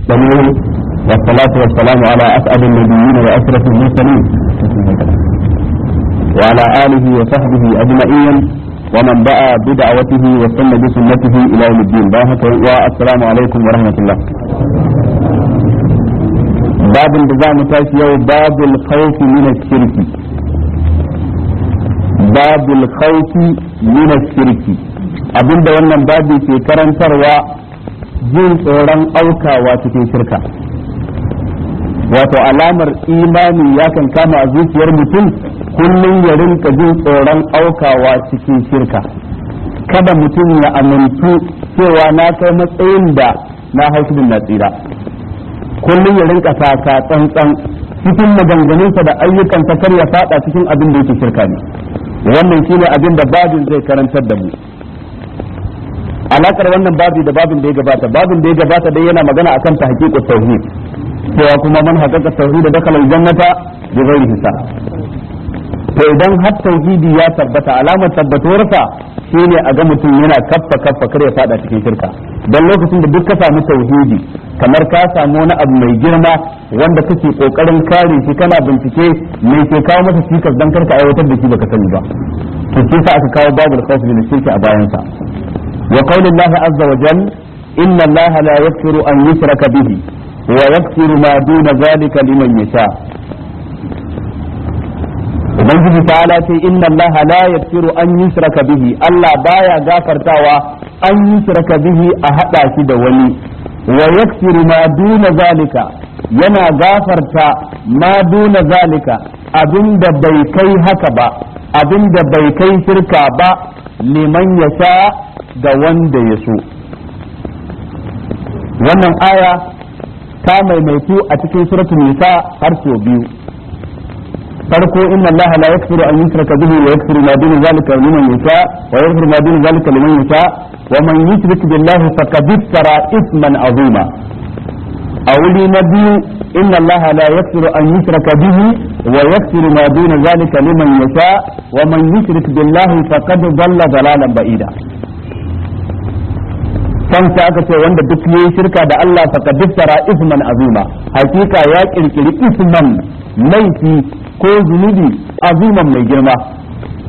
السميع والصلاة والسلام على أسعد النبيين وأشرف المرسلين وعلى آله وصحبه أجمعين ومن دعا بدعوته وسن بسنته إلى يوم الدين باهك والسلام عليكم ورحمة الله باب الجزاء متاشي باب الخوف من الشرك باب الخوف من الشرك abinda wannan في ke karantarwa jin tsoron aukawa cikin shirka wato alamar imani ya kan kama a zuciyar mutum kullum ya rinka jin tsoron aukawa cikin shirka kada mutum ya amintu cewa na kai matsayin da na hausu na tsira kullum ya rinka saka tsantsan cikin maganganunsa da ayyukansa kar ya fada cikin abin da yake shirka ne wannan shine abin da babin zai karantar da mu alakar wannan babi da babin da ya gabata babin da ya gabata dai yana magana akan haƙiƙa tauhid cewa kuma man haƙaƙa sauhi da dakhala aljannata bi ghairi hisab to idan har tauhidi ya tabbata alamar tabbatuwarsa shine a ga mutum yana kaffa kaffa kar ya fada cikin shirka don lokacin da duk ka samu tauhidi kamar ka samu wani abu mai girma wanda kake kokarin kare shi kana bincike mai ke kawo masa cikas dan karka aiwatar da shi baka sani ba to sai aka kawo babul khawf min shirki a bayansa وقول الله عز وجل إن الله لا يغفر أن يشرك به ويغفر ما دون ذلك لمن يشاء ubangiji ta ce inna Allah la yaghfiru an yushraka bihi Allah baya gafartawa an yushraka bihi a haɗa shi da wani wa yaghfiru zalika yana gafarta ma duna zalika abinda bai kai haka ba abinda bai kai shirka ba liman yasha ga wanda ya so wannan aya ta maimaitu a cikin suratul nisa har sau biyu farko inna allaha la yaghfiru an yushraka bihi wa yaghfiru ma dun zalika liman yasha wa yaghfiru ma dun zalika liman yasha wa man yushrik billahi faqad iftara isman azima a wuri na biyu inna allaha la yaghfiru an yushraka bihi wa yaghfiru ma dun zalika liman yasha wa man yushrik billahi faqad dalla dalalan ba'ida san sai aka ce wanda duk yayi shirka da Allah faqad bisara isman azima hakika ya kirkiri isman laifi ko zunubi aziman mai girma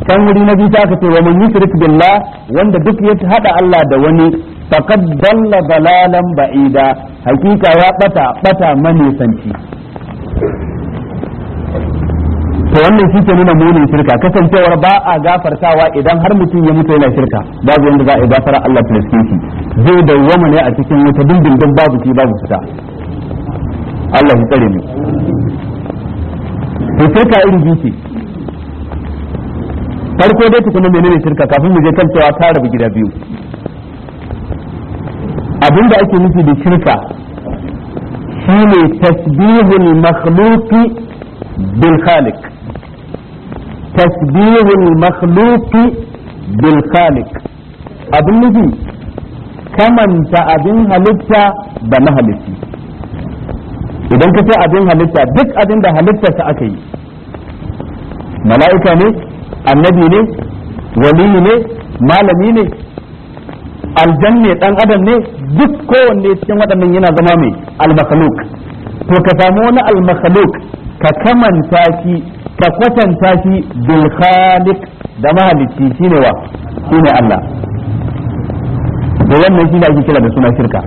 kan wuri na biyu aka ce wa man yushrik billah wanda duk ya hada Allah da wani faqad dalla dalalan ba'ida hakika ya bata bata manisanci to wannan shi ke nuna munin shirka kasancewar ba a gafartawa idan har mutum ya mutu yana shirka babu yanda za a gafara Allah ta riske shi zai dawwama ne a cikin wuta dindindin babu shi babu fita Allah ya tsare mu to shirka iri biyu ce farko dai tukuna menene shirka kafin mu je kan cewa ta rabu gida biyu abinda ake nufi da shirka shine tasbihul makhluqi bil khaliq تشبيه المخلوق بالخالق abin nufi kamanta abin halitta da mahalicci idan ka ce abin halitta duk abin da halittarsa aka yi mala'ika ne annabi ne waliyu ne malami ne aljanne dan adam ne duk kowanne cikin waɗannan yana zama mai al to ka samu wani al-makhluk ka kamanta ki. ka kwatanta shi bil khaliq da mahalicci shine wa shine Allah da wannan shi da ake kira da suna shirka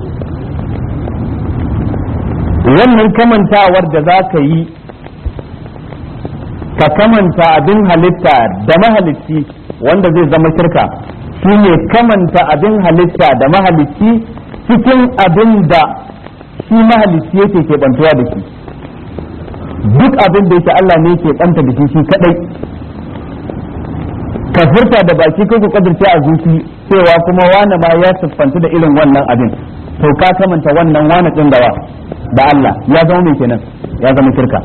wannan kamantawar da za ka yi ka kamanta abin halitta da mahalicci wanda zai zama shirka shine kamanta abin halitta da mahalicci cikin abin da shi mahalicci yake ke bantuwa da shi duk abin da yake Allah ne yake banta da shi kadai kafirta da baki ko ku kadirce a zuci cewa kuma wani ma ya siffanta da irin wannan abin to ka kamanta wannan wani din da da Allah ya zama mai kenan ya zama shirka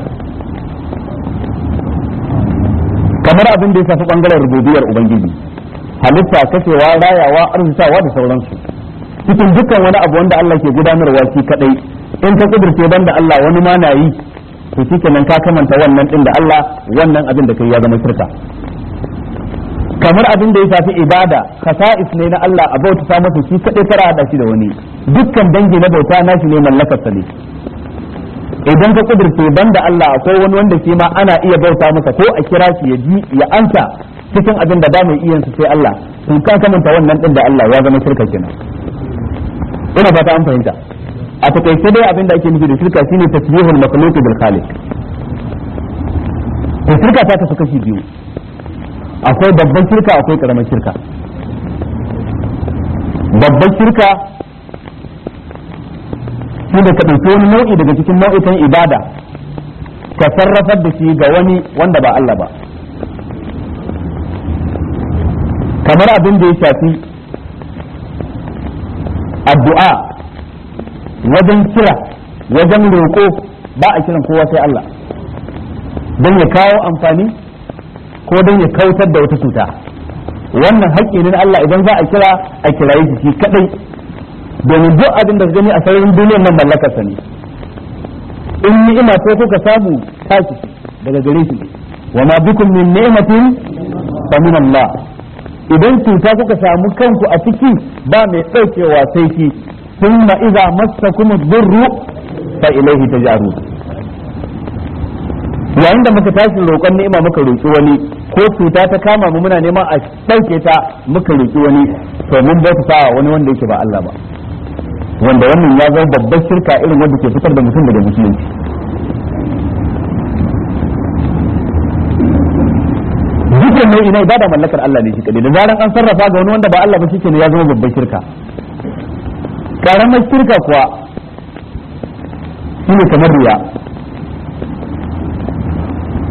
kamar abin da ya safi bangaren rububiyar ubangiji halitta kasewa rayawa arzikawa da sauransu cikin dukkan wani abu wanda Allah ke gudanarwa shi kadai in ka kudirce banda Allah wani ma na yi Ku shi kenan ka kamanta wannan din da Allah wannan abin da kai ya zama shirka kamar abin da ya shafi ibada khasa'is ne na Allah a bauta ta masa shi kadai kara hada shi da wani dukkan dangi na bauta na shi ne mallakar sa ne idan ka kudurce banda Allah akwai wani wanda shi ma ana iya bauta masa ko a kira shi ya ji ya ansa cikin abin da ba mai iyan sai Allah in ka kamanta wannan din da Allah ya zama shirka kenan ina fata an fahimta a takaice dai abin da ake nufi da shirka shine tasbihul makhluq bil khaliq to shirka ta tafi kashi biyu akwai babban shirka akwai karamar shirka babban shirka shine da dauki wani nau'i daga cikin nau'ikan ibada ka sarrafar da shi ga wani wanda ba Allah ba kamar abin da ya shafi addu'a wajen kira wajen roƙo ba a kiran kowa sai Allah don ya kawo amfani ko don ya kautar da wata cuta wannan haƙƙi ne na Allah idan za a kira a kiraye shi kadai domin duk abin da gani a sararin duniyar nan sa ne in ni ina ko kuka samu tashi daga gare shi wa ma bikum min ni'matin fa min Allah idan cuta kuka samu kanku a ciki ba mai ɗaukewa sai ki thumma idza massakum ad-durru fa yayin da muka tashi roƙon ni'ima muka roƙi wani ko cuta ta kama mu muna neman a ɗauke ta muka roƙi wani to mun bauta wani wanda yake ba Allah ba wanda wannan ya zama babbar shirka irin wanda ke fitar da mutum daga musulunci dukkan nau'i na ibada mallakar Allah ne shi kadai da zaran an sarrafa ga wani wanda ba Allah ba shi ne ya zama babbar shirka karamar shirka kuwa shine kamar riya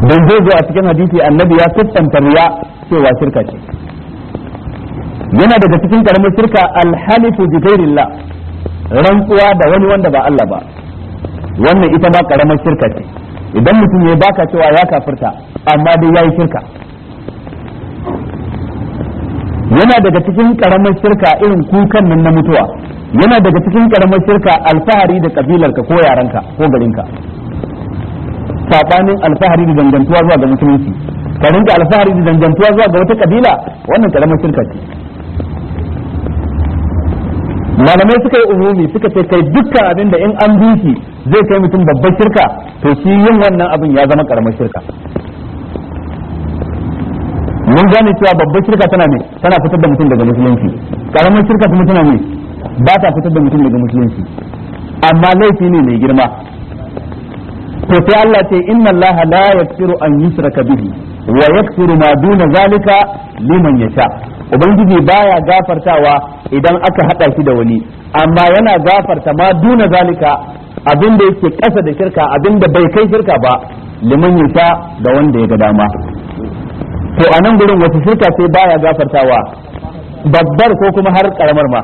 don zai zo a cikin hadisi annabi ya siffanta riya cewa shirka ce yana daga cikin karamar shirka alhalifu bi rantsuwa da wani wanda ba Allah ba wannan ita ba karamar shirka ce idan mutum ya baka cewa ya kafirta amma dai ya yi shirka yana daga cikin karamar shirka irin kukan nan na mutuwa yana daga cikin karamar shirka alfahari da kabilarka ko yaranka ko garinka sabanin alfahari da dangantuwa zuwa ga musulunci ka rinka alfahari da dangantuwa zuwa ga wata kabila wannan karamar shirka ce malamai suka yi umumi suka ce kai dukkan abin da in an bi zai kai mutum babbar shirka to shi yin wannan abin ya zama karamar shirka mun gane cewa babbar shirka tana ne tana fitar da mutum daga musulunci karamar shirka kuma tana ne ba ta fitar da mutum daga musulunci amma laifi ne mai girma to sai Allah ce inna Allah la yaghfiru an yusraka bihi wa yaksiru ma duna zalika liman yasha ubangiji baya gafartawa idan aka hada shi da wani amma yana gafarta ma duna zalika abin da yake kasa da shirka abin da bai kai shirka ba liman yasha da wanda ya ga dama to a nan gurin wasu shirka sai baya gafartawa babbar ko kuma har karamar ma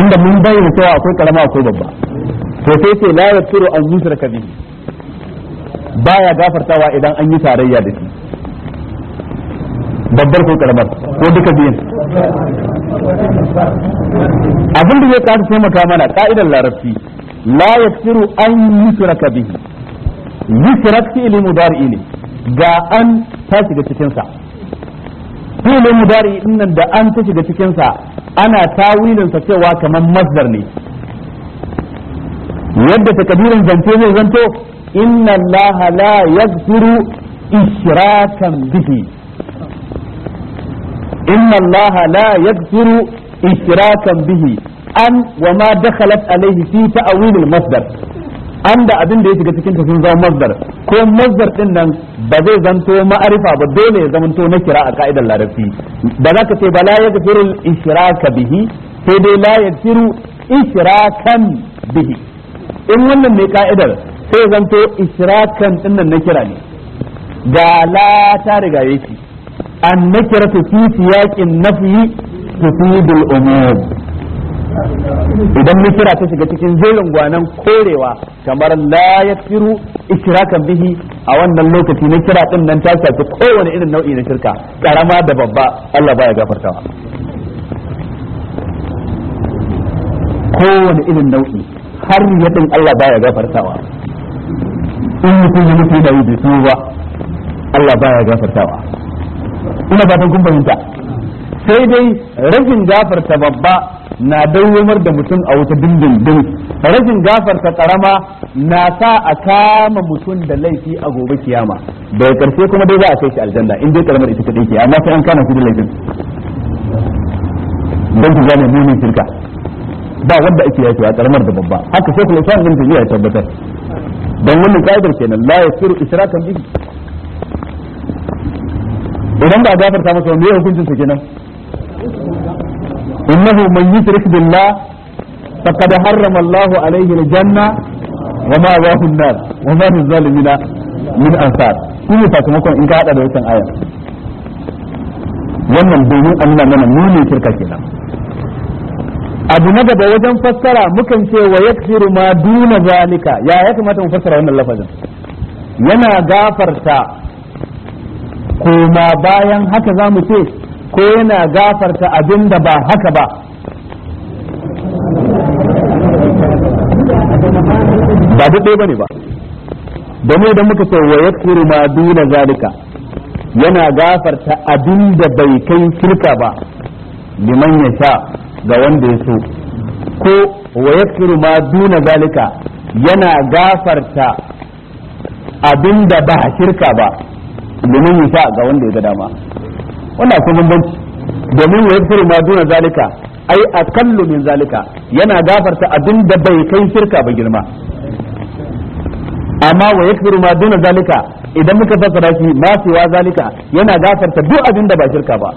inda mun bayyana cewa akwai karama akwai babba to sai ce la yaghfiru an yushraka bihi baya gafartawa idan an yi tarayya da shi babbar ko karamar ko duka biyan. abin da zai kasa taimaka mana ka'idar larabci la yaghfiru an yushraka bihi yusrak fi'li dar ne ga an tashi shiga cikinsa. fi'ilin mudari din nan da an ta shiga cikin sa ana tawilin sa cewa kamar masdar ne yadda takadirin zance zai zanto inna Allah la yaghfiru ishrakan bihi inna Allah la yaghfiru ishrakan bihi an wa ma dakhalat alayhi fi ta'wil al-masdar an da abin da ya shiga cikin ta sun zama mazdar ko mazdar din nan ba zai zanto ma'arifa ba dole ya zamanto na kira a ka'idar larabci Da za ka ce ba la yaghfiru ishraka bihi sai dai la yaghfiru ishrakan bihi in wannan ne ka'idar sai zanto ishrakan din nan na kira ne ga la ta riga yake an nakira fi yaqin nafyi tufidul umur idan misira ta shiga cikin jerin gwanan korewa kamar la ya firu ikirakan bihi a wannan lokaci na kira din nan ta shafi kowane irin nau'i na shirka karama da babba Allah baya gafartawa kowane irin nau'i har ya din Allah baya gafartawa in mutum ya mutu da yi ba Allah baya gafartawa ina fatan kun fahimta sai dai rashin gafarta babba na dawomar da mutum a wuta dindindin rashin gafarta karama na sa a kama mutum da laifi a gobe kiyama daga karshe kuma dai za a kai shi aljanna in dai karamar ita kadai ke amma sai an kana shi da laifin don ku gane munin shirka ba wanda ake yaki a karamar da babba haka sai ku islam din tafiya ya tabbatar don wannan ka'idar kenan la yasiru israkan bihi idan ba gafarta masa wani hukuncin hukuncinsa kenan innahu man yushrik billah faqad harrama Allahu alayhi aljanna wa ma wahu an-nar wa ma lizalimina min ansar shine sakamakon in ka da wannan aya wannan domin Allah mana nune shirka kenan abu na gaba wajen fassara mukan ce wa yakfiru ma duna zalika ya ya kamata mu fassara wannan lafazin yana gafarta koma bayan haka za mu ce ko yana gafarta abin da ba haka ba ba daɗe ba ne ba domin idan muka ce wa yakuru ma duna zalika yana gafarta abin da bai kai shirka ba liman ya sha ga wanda ya so ko wa yakuru ma duna zalika yana gafarta abin da ba shirka ba liman ya sha ga wanda ya ga dama wannan akwai bambanci domin ya yaghfiru ma duna zalika ai aqallu min zalika yana gafarta abin da bai kai shirka ba girma amma wa yakfiru ma duna zalika idan muka fassara shi ma siwa zalika yana gafarta duk abin da ba shirka ba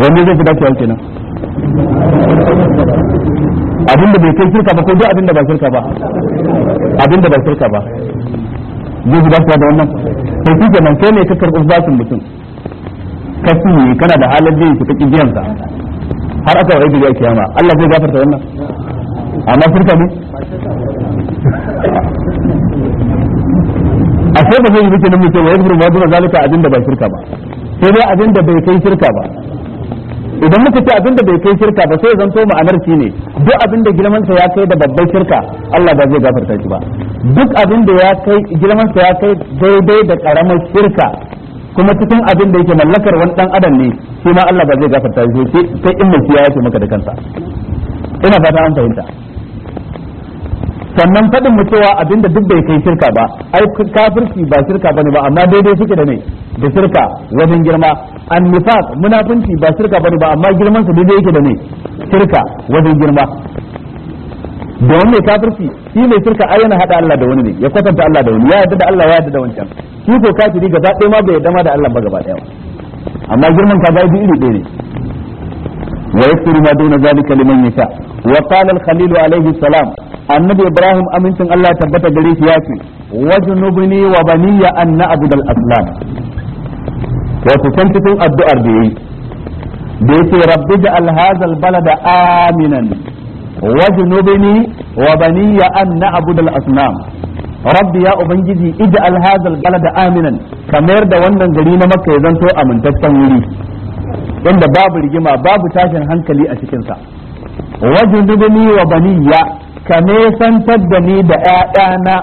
wanda zai fi dacewa kenan abin da bai kai shirka ba ko duk abin da ba shirka ba abin da ba shirka ba zai ji dacewa da wannan sai shi nan kai ne ka karɓi bashin mutum ka ne kana da halar biyan su kaki biyan sa har aka wai gari kiyama Allah zai gafarta wannan amma shirka ne a sai ba zai yi bikin mutum wa yadda ba zalika abinda da ba shirka ba sai dai abinda bai kai shirka ba idan muka ce abinda bai kai shirka ba sai zanto ma'anar shi ne duk abinda girmansa ya kai da babbar shirka Allah ba zai gafarta shi ba duk abinda ya kai girmansa ya kai daidai da karamar shirka kuma cikin abin da yake mallakar wani dan adam ne shi ma Allah ba zai gafarta shi sai in mai ya yake maka da kansa ina fata an fahimta sannan faɗin mu cewa abinda duk bai kai shirka ba ai kafirci ba shirka bane ba amma daidai suke da ne da shirka wajen girma annifaq munafunci ba shirka bane ba amma girman sa daidai yake da ne shirka wajen girma Da wani kafirci shi mai shirka ai yana hada Allah da wani ne ya kwatanta Allah da wani ya yarda da Allah ya yarda da wancan shi ko kafiri gaba ɗaya ma bai yarda ma da Allah ba gaba ɗaya amma girman ka ga iri ɗaya ne ويكثر zalika liman yasha wa qala al-khalil alayhi salam annabi ibrahim amincin Allah tabbata gare shi ya ce wajnubni wa baniya an na'bud al aslam wato san cikin addu'ar da yayi da yace rabbi da ja'al hadha al balada aminan wajnubni wa baniya an na'bud al asnam rabbi ya ubangiji ija ij'al hadha al balada aminan kamar da wannan gari na makka ya zanto amintaccen wuri inda babu rigima babu tashin hankali a cikin cikinsa wajnubni wa baniya ka nesantar da ni da ‘ya'yana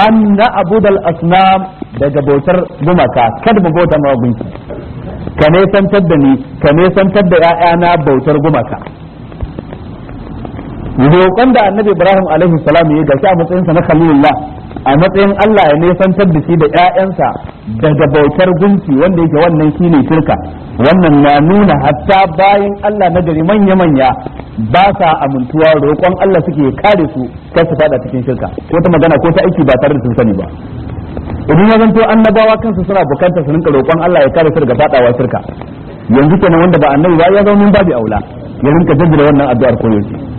an na abudal asnam daga bautar gumaka kada mu bauta ma gunki ka nesantar da ni ka nesantar da ‘ya'yana bautar gumaka roƙon da annabi ibrahim alaihi salam ya gashi a matsayinsa na khalilullah a matsayin Allah ya nesantar da shi da ƴaƴansa daga bautar gunki wanda yake wannan shine shirka wannan na nuna hatta bayan Allah na gari manya manya ba sa amintuwa roƙon Allah suke kare su kar su fada cikin shirka ko ta magana ko ta aiki ba tare da sun sani ba idan ya zanto annabawa kansu suna bukatar su rinka roƙon Allah ya kare su daga fadawa shirka yanzu kenan wanda ba annabi ba ya zama min babu aula ya rinka jaddada wannan addu'ar koyaushe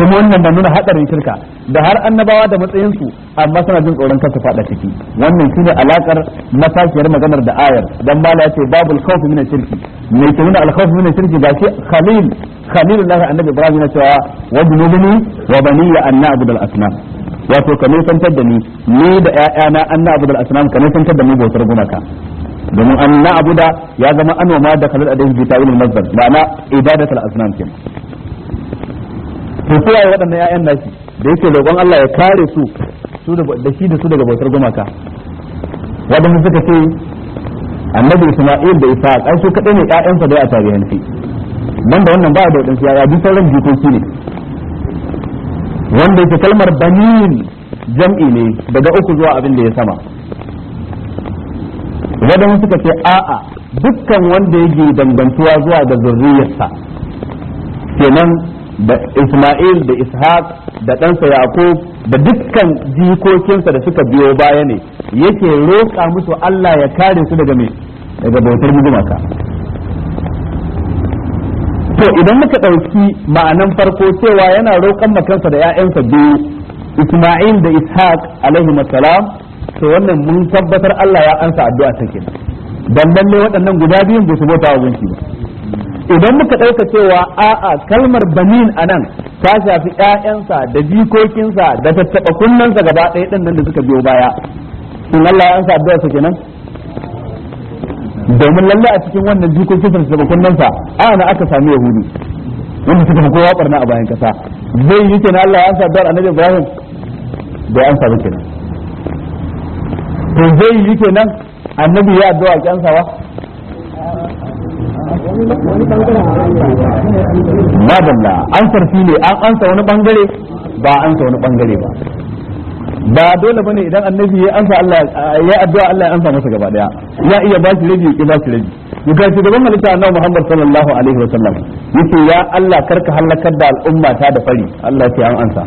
kuma wannan na nuna hadarin shirka da har annabawa da matsayin su amma suna jin tsoron kansu fada ciki wannan shine alakar masakiyar maganar da ayar dan bala yace babul khawf min shirki me ke nuna al khawf min shirki ba shi khalil khalilullahi annabi ibrahim yana cewa wa junubuni wa baniya an na'budu al asnam wato ka nisantar da ni ni da ƴaƴana an na'budu al asnam ka nisantar da mu bautar gumaka domin an na'buda ya zama anoma da khalil adai bi ta'wil al mazdar ma'ana ibadatul asnam kenan to sai waye waɗannan ƴaƴan da yake roƙon Allah ya kare su su da shi da su daga bautar gumaka waɗanda suka ce annabi Isma'il da Isa ai su kaɗai ne sa da ya tarihanci nan da wannan ba da wadansu yaya duk sauran jikoki ne wanda yake kalmar banin jam'i ne daga uku zuwa abin da ya sama waɗanda suka ce a'a dukkan wanda yake dangantuwa zuwa ga zurriyarsa kenan da Isma'il da Ishaq da ɗansa Yaqub da dukkan jikokinsa da suka biyo baya ne yake roƙa musu Allah ya kare su daga me daga bautar gumaka to idan muka ɗauki ma'anan farko cewa yana roƙan makansa da 'ya'yansa biyu Isma'il da Ishaq alaihi salam to wannan mun tabbatar Allah ya ansa addu'a ta kenan dan lalle waɗannan guda biyun ba su bauta wa gunki ba idan muka ɗauka cewa a'a kalmar banin a nan ta shafi ƴaƴansa da jikokinsa da tattaɓa kunnensa gaba ɗaya ɗin nan da suka biyo baya in Allah ya ansa addu'a nan? domin lalle a cikin wannan jikokinsa da tattaɓa kunnensa ana aka sami yahudi wanda suka fi kowa ɓarna a bayan kasa zai yi kenan Allah ya ansa addu'ar annabi Ibrahim bai ansa ba kenan to zai yi kenan annabi ya addu'a wa? madalla an sarfi ne an ansa wani bangare ba ansa wani bangare ba ba dole bane idan annabi ya ansa Allah ya addu'a Allah ya ansa masa gaba daya ya iya ba shi rabi ya ba shi rabi ga shugaban halitta annabi Muhammad sallallahu alaihi wasallam yace ya Allah karka halakar da al'umma ta da fari Allah ya an ansa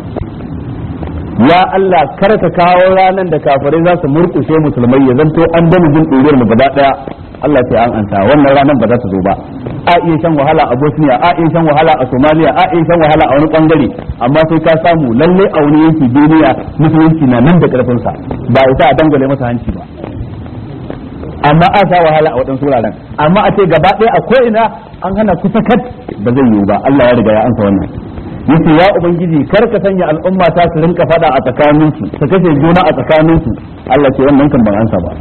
ya Allah karka kawo ranan da kafirai za su murkushe musulmai ya zanto an dama jin ɗuriyar mu gaba daya Allah sai an ansa wannan ranar ba za ta zo ba a iya shan wahala a Bosnia a iya shan wahala a Somalia a iya shan wahala a wani bangare amma sai ka samu lalle a wani yanki duniya musulunci na nan da karfin sa ba ita a dangale masa hanci ba amma a sa wahala a waɗansu wuraren amma a ce gaba ɗaya a ina an hana kusa kat ba zai yiwu ba Allah ya riga ya ansa wannan yace ya ubangiji kar ka sanya al'umma ta su rinka fada a tsakaninsu su kashe juna a tsakaninsu Allah ce wannan kan ban ansa ba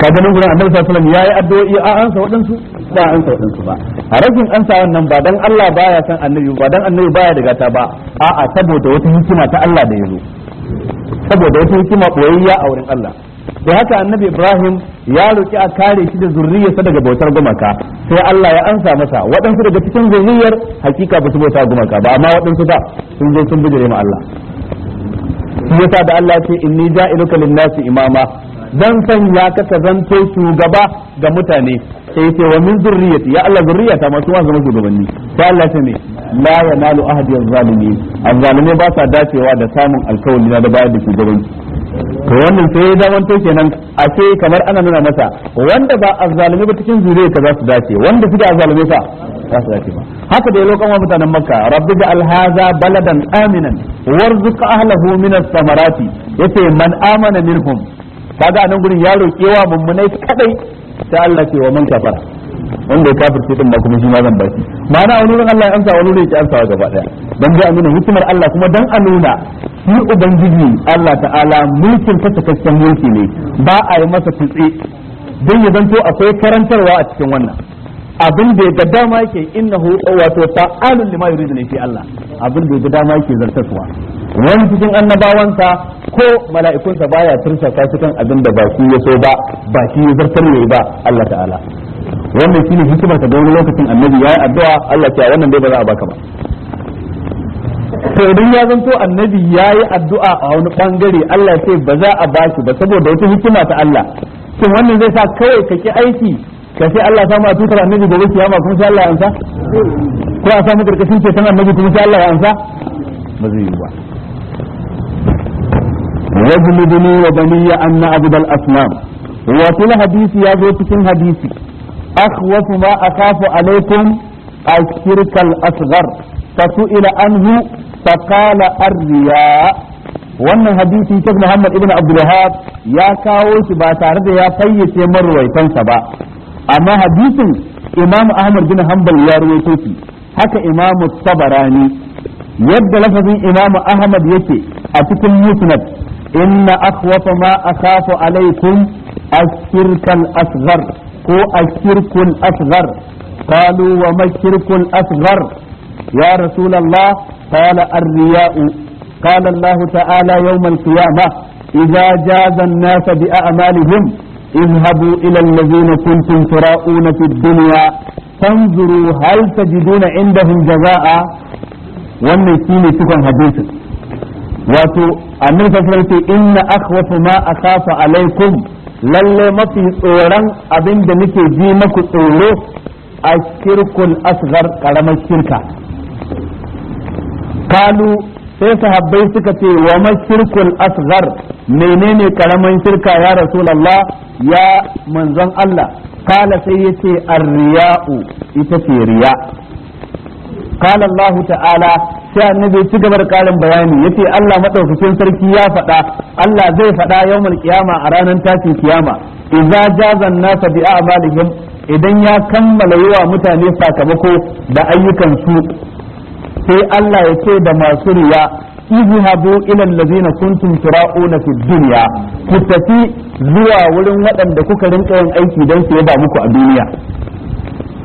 ka ga nan gurin annabi sallallahu alaihi yayi addu'o'i a sa waɗansu ba sa waɗansu ba a rashin ansa wannan ba dan Allah baya san annabi ba dan annabi baya daga ta ba a'a saboda wata hikima ta Allah da yazo saboda wata hikima boyayya a wurin Allah da haka annabi Ibrahim ya roki a kare shi da zurriyarsa daga bautar gumaka sai Allah ya ansa masa waɗansu daga cikin zurriyar hakika ba su bauta gumaka ba amma waɗansu ba sun je sun bijire ma Allah shi yasa da Allah ya ce inni ja'iluka lin-nasi imama dan sanya ka ka zanto shugaba ga mutane sai sai wa min zurriyati ya Allah zurriyata ma su zama shugabanni sai Allah ya ne la yanalu ahadi az-zalimin az-zalimin ba sa dacewa da samun alkawari na da bayar da shugabanci to wannan sai ya zamanto kenan a ce kamar ana nuna masa wanda ba azzalimi ba cikin zuriyarka za su dace wanda suke azzalimi fa za su dace ba haka da ya lokacin mutanen makka rabbi da alhaza baladan aminan warzuq ahlahu min as-samarati yace man amana minhum kaga anan gurin ya roƙe wa mummunai kadai sai Allah ce wa man kafara wanda ya kafirce din ba kuma shi ma zan ba shi ma'ana wani wurin Allah ya amsa wani wurin ya amsa gaba daya dan ga amina hikimar Allah kuma dan a nuna shi ubangiji Allah ta'ala mulkin ta cikakken mulki ne ba a yi masa kutse. dan ya zanto akwai karantarwa a cikin wannan abin da ya ga dama yake innahu wato fa'alun lima yuridu ne fi Allah abin da ya ga dama yake zartaswa wani cikin annabawansa ko mala'ikunsa baya turta ka kan abin da baki ya so ba baki ya zartar ne ba Allah ta'ala wannan shine hikimar ta wani lokacin annabi yayi addu'a Allah ya wannan dai ba za a baka ba to idan ya zanto annabi yayi addu'a a wani bangare Allah sai ba za a baki ba saboda wata hikima ta Allah to wannan zai sa kawai ka ki aiki ka sai Allah samu a tutar annabi gobe kiyama kuma sai Allah ya ansa ko a samu karkashin ce tana annabi kuma sai Allah ya ansa ba zai yi ba wajnubni wa baniya an na'budu al-asnam wa fil hadisi ya zo cikin hadisi akhwafu ma akhafu alaikum الشرك الأصغر فسئل عنه فقال الرياء wannan hadisi ta Muhammad ibn Abdul Wahab ya kawo shi ba tare da ya fayyace maruwaitansa ba amma hadisin Imam Ahmad bin Hanbal ya rawaito shi haka Imam Tabarani yadda lafazin Imam Ahmad yake a cikin Musnad إن أخوف ما أخاف عليكم الشرك الأصغر هو الشرك الأصغر قالوا وما الشرك الأصغر يا رسول الله قال الرياء قال الله تعالى يوم القيامة إذا جاز الناس بأعمالهم اذهبوا إلى الذين كنتم تراؤون في الدنيا فانظروا هل تجدون عندهم جزاء ومن shine cikon حديثه wato annabi sallallahu alaihi wasallam inna akhwafu ma akhafa alaikum lalle mafi tsoron abin da nake ji maku tsoro a shirkul asghar karamar shirka kalu sai sahabbai suka ce wa ma shirkul asghar menene karamar shirka ya rasulullah ya manzon Allah kala sai yace ar-riya'u ita ce riya kala Allah ta'ala sai annabi ya ci gaba da karin bayani yace Allah madaukakin sarki ya faɗa Allah zai faɗa yawmul kiyama a ranar tashin kiyama idza jazan nasa bi a'malihim idan ya kammala yawa mutane sakamako da ayyukan su sai Allah ya ce da masu riya izhabu ila allazina kuntum tura'una na dunya ku tafi zuwa wurin waɗanda kuka rinka yin aiki don su yaba muku a duniya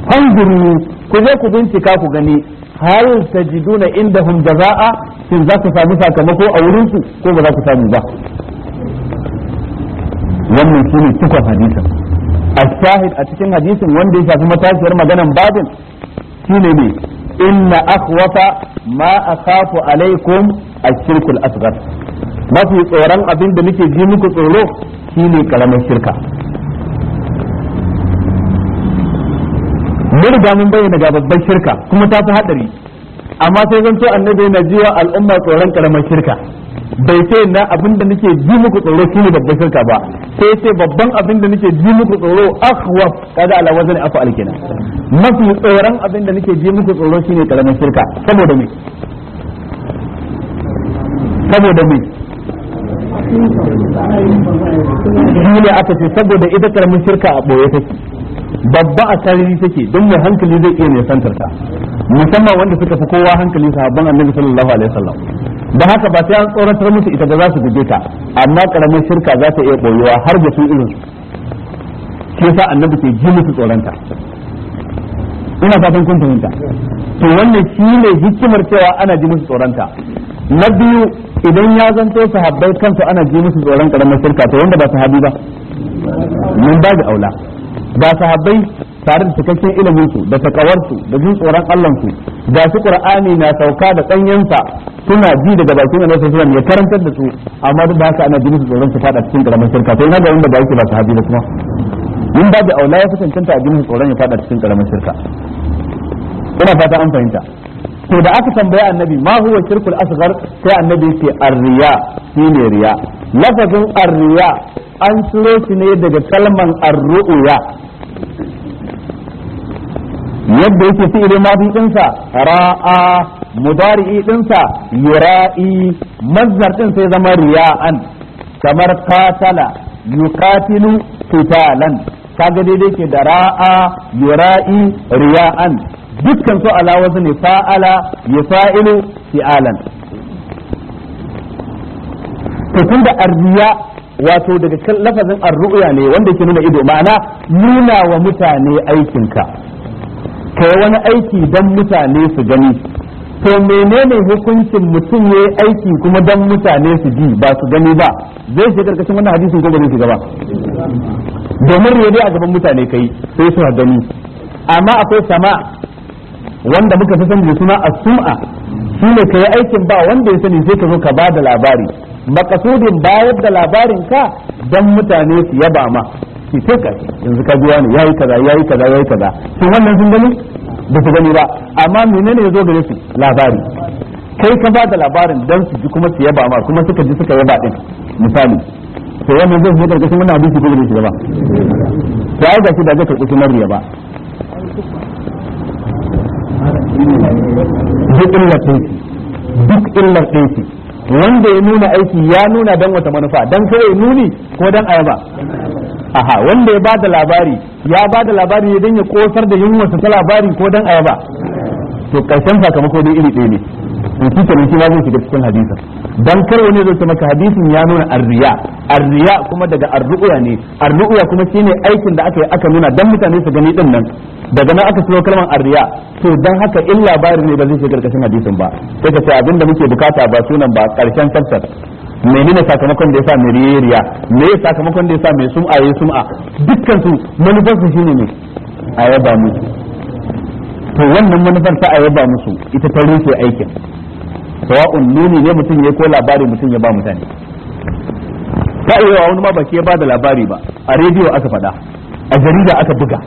hanzuru ku zo ku bincika ku gani hal tajiduna indahum jaza'a shin za ku samu sakamako a wurin su ko ba za ku samu ba wannan shine cikin hadisin as-sahid a cikin hadisin wanda ya shafi matashiyar maganan babin shine ne inna akhwafa ma akhafu alaikum ash-shirku al-asghar mafi tsoron abin da muke ji muku tsoro shine karamar shirka mun riga mun bayyana ga babban shirka kuma ta fi hadari amma sai zan zanto annabi yana jiwa al'umma tsoron karamar shirka bai ce na abin da nake ji muku tsoro shine babban shirka ba sai ce babban abin da nake ji muku tsoro akhwaf kada ala wazan afa alkina mafi tsoron abin da nake ji muku tsoro shine karamar shirka saboda me saboda me shine aka ce saboda ita karamar shirka a boye take babba a tarihi take don mai hankali zai iya nisantar ta musamman wanda suka fi kowa hankali sahabban annabi sallallahu alaihi wasallam da haka ba sai an tsoratar musu ita ba za su guje ta amma karamin shirka za ta iya boyuwa har da su irin su sa annabi ke ji musu tsoranta ina fatan kun fahimta to wannan shine hikimar cewa ana ji musu tsoranta na biyu idan ya zanto sahabbai kansu ana ji musu tsoron karamin shirka to wanda ba sahabi ba mun ba da aula Ba sahabbai tare da cikakken ilimin su da su da jin tsoron Allah su da su Qur'ani na sauka da danyensa suna ji daga bakin Annabi sallallahu alaihi wasallam ya karantar da su amma duk da haka ana jin su tsoron su fada cikin karamin shirka to ina ga wanda ba yake ba sahabbai da kuma in ba da aula ya kasance a jin su tsoron ya fada cikin karamin shirka ina fata an fahimta to da aka tambaya annabi ma huwa shirkul asghar sai annabi yake arriya shine riya lafazin arriya an ciro shi ne daga kalman arru'ya yadda yake da mafi dinsa ra'a mudari'i dinsa yura'i mazhar din sai zama riya'an kamar qatala yuqatilu qitalan kaga daidai ke da ra'a yura'i riya'an dukkan su ala wazni fa'ala yufa'ilu fi'alan to da arziya. wato daga kan lafazin arru'ya ne wanda ke nuna ido ma'ana nuna wa mutane aikinka kai wani aiki don mutane su gani to menene hukuncin mutum ya yi aiki kuma dan mutane su ji ba su gani ba zai shi karkashin wannan hadisin ko gani su gaba? ba domin rede a gaban mutane kai sai su gani amma akwai sama wanda muka fi sani da suna as-sum'a shine kai aikin ba wanda ya sani sai ka zo ka ba da labari makasudin bayar da labarin ka don mutane su yaba ma ki ka yanzu ka ji wani yayi kaza yayi kaza yayi kaza shin wannan sun gani ba su gani ba amma menene yazo gare su labari kai ka ba da labarin don su ji kuma su yaba ma kuma suka ji suka yaba din misali to wannan zai je karkashin wannan hadisi ko gare su ba to ai ga shi da zai karkashin mariya ba duk illar ɗinki duk illar ɗinki wanda ya nuna aiki ya nuna dan wata manufa dan kawai nuni ko dan ayaba aha wanda ya bada labari ya bada labari ne don ya kosar da yunwa ta labari ko dan ayaba to karshen sakamako dai iri ɗaya ne in shi kenan shi zai shiga cikin hadisin dan kar wani zai ce maka hadisin ya nuna arriya arriya kuma daga arru'ya ne arru'ya kuma shine aikin da aka yi aka nuna dan mutane su gani ɗin nan daga nan aka siyo kalmar ariya to dan haka in labari ne ba zai shiga karkashin hadisin ba sai ka ce abin da muke bukata ba sunan ba karshen tafsir menene sakamakon da yasa mai riyariya riya me sakamakon da yasa mai sum'a yayi sum'a dukkan su manufar su shine ne a yaba musu to wannan manufar ta a yaba musu ita ta rufe aikin sawa'un nuni ne mutum ya ko labari mutum ya ba mutane ta iya wani ma baki ya ba da labari ba a rediyo aka faɗa a jarida aka buga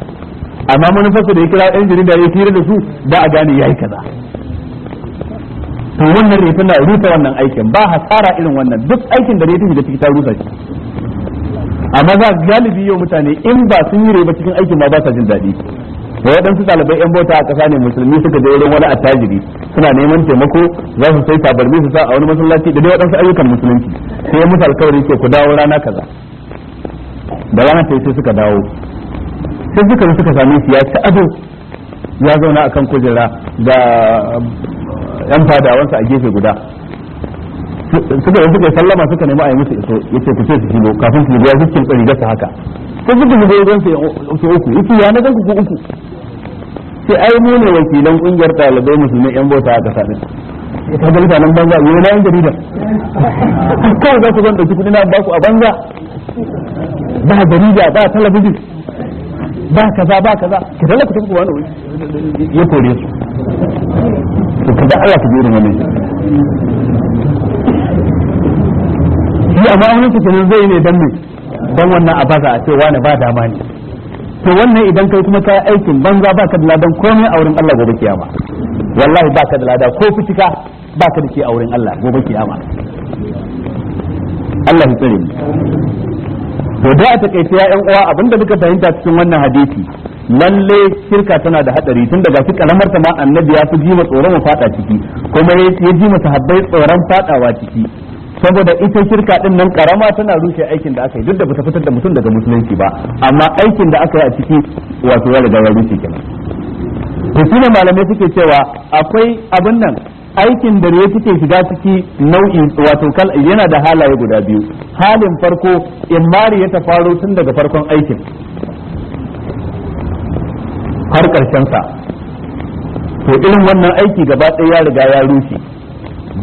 amma manufarsa da ya kira yan jarida ya hira da su da a gane yayi kaza to wannan ne na rusa wannan aikin ba hasara irin wannan duk aikin da ne da ciki ta rusa shi amma za galibi yau mutane in ba sun yi ba cikin aikin ma ba sa jin daɗi da waɗansu ɗalibai yan bauta a ƙasa ne musulmi suka je wurin wani attajiri suna neman taimako za su sai tabarmi su sa a wani masallaci da dai waɗansu ayyukan musulunci sai musu alkawari ke ku dawo rana kaza da rana sai suka dawo sai duka zo suka same shi ya ci ado ya zauna akan kujera ga um, yan fadawansa a gefe guda suka yi suka sallama suka nemi a yi musu iso ya ce ce su shigo kafin su ya zikin tsari gasa haka sai suka shigo wajen su uku yace ya na ganku ku uku sai ai mu ne wakilan kungiyar ɗalibai musulmai yan bauta a ƙasa din ta ga mutanen banza yi na yan jaridar kawai za ku zan ɗauki kuɗi na ba ku a banza ba jarida ba talabijin ba kaza ba kaza ki dalla ku tafi wani ya kore su to kaza Allah ka jira wannan shi amma wani ku kenan zai ne dan me dan wannan abaza a ce wani ba dama ne to wannan idan kai kuma kai aikin banza ba ka da ladan komai a wurin Allah gobe kiyama wallahi ba ka da lada ko fitika ba ka da ke a wurin Allah gobe kiyama Allah ya tsare mu to da a takaice ya yan uwa abinda muka fahimta cikin wannan hadisi lalle shirka tana da hadari tun daga shi kalamar ta ma annabi ya fi ji ma tsoron mu fada ciki kuma ya ji mu sahabbai tsoron fadawa ciki saboda ita shirka din nan karama tana rushe aikin da aka yi duk da bata fitar da mutum daga musulunci ba amma aikin da aka yi a ciki wato ya riga ya rushe kenan to shine malamai suke cewa akwai abun nan aikin dare suke shiga ciki nau'in wato yana da halaye guda biyu halin farko imari ya ta faro tun daga farkon aikin har karshen sa to irin wannan aiki gaba ɗaya ya riga ya rushe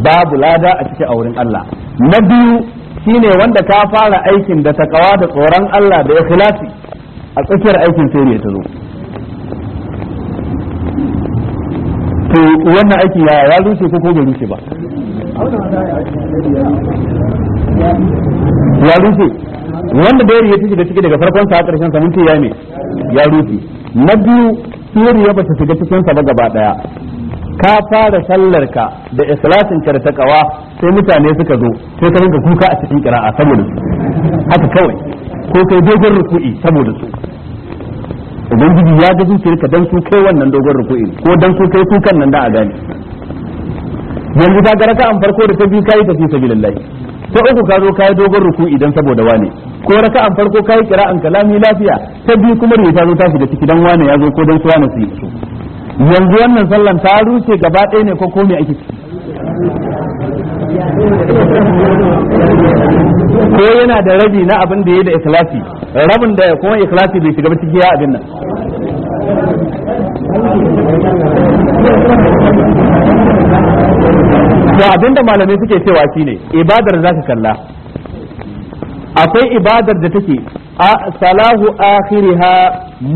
babu lada a ciki a wurin Allah na biyu shine wanda ka fara aikin da takawa da tsoron Allah da ikhlasi a tsakiyar aikin sai ya ta zo to wannan aiki ya ya rushe ko ko bai rushe ba ya rushe wanda da ya ci da ciki daga farkon sa karshen sa mun ce ya ne ya rushe na biyu tsiriya ya bata shiga cikin sa ba gaba daya ka fara sallar ka da ikhlasin ka ta kawa sai mutane suka zo sai ka rinka kuka a cikin kira'a saboda su haka kawai ko kai dogon ruku'i saboda su ubangiji ya ga ka dan su kai wannan dogon ruku'in ko dan su kai kan nan da a gani yanzu ka ga an farko da ta biyu kai ta fi sabilillahi ta uku ka zo kai dogon ruku idan saboda wane ko raka an farko kai kira'an kalami lafiya ta biyu kuma da ta zo ta shiga ciki dan wane ya zo ko dan su wane su yanzu wannan sallan ta ruce gaba ɗaya ne ko ko me ake ciki ko yana da rabi na abin da ya da ikhlasi rabin da kuma ikhlasi bai shiga ciki ya abin nan to abinda malamai suke cewa shine ibadar zaka kalla akwai ibadar da take salahu akhiriha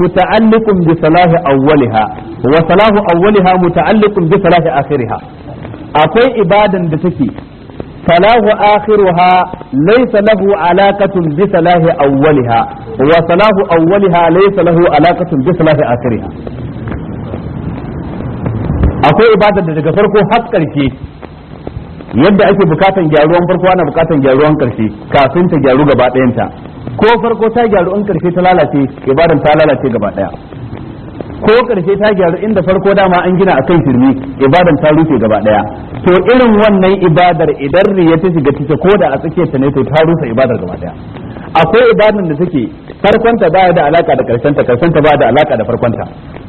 muta'alliqun bi salahi awwaliha wa salahu awwaliha muta'alliqun bi salahi akhiriha akwai ibadan da take salahu akhiruha laysa lahu alaqatun bi salahi awwaliha wa salahu awwaliha laysa lahu alaqatun bi salahi akhiriha akwai ibadan da daga farko har karshe yadda ake bukatan gyaruwan farko ana bukatan gyaruwan karshe kafin ta gyaru gaba ɗayanta ko farko ta gyaru in karshe ta lalace ibadan ta lalace gaba ɗaya ko karshe ta gyaru inda farko dama an gina a kan firmi ibadan ta rufe gaba daya to irin wannan ibadar idan riya ta shiga ciki ko da a tsakiyar ta ne to ta rufe ibadar gaba daya akwai ibadan da take farkon ta da alaka da karshen ta karshen ta da alaka da farkon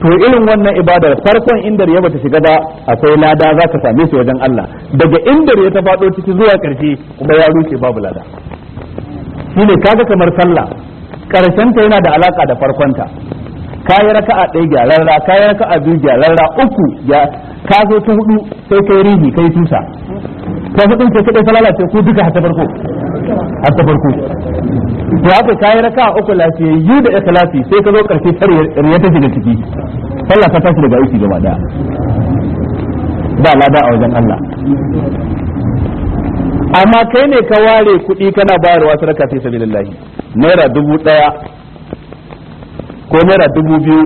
to irin wannan ibadar farkon inda riya bata shiga ba akwai lada za ka same su wajen Allah daga inda riya ta fado ciki zuwa karshe kuma ya rufe babu lada shine kaga kamar sallah karshen ta yana da alaka da farkon ta kayi raka'a ɗaya gyararra kayi raka'a biyu gyararra uku ya ka zo ta hudu sai kai rihi kai tusa ta hudu sai kadai ta lalace ku duka har ta farko har ta farko to haka kayi raka'a uku lafiya yi da ikhlasi sai ka zo karshe tar ya tafi da ciki sallah ta tashi daga aiki gaba daya ba lada a wajen Allah amma kai ne ka ware kuɗi kana bayarwa sadaka fi sabilillahi naira dubu ɗaya ko naira dubu biyu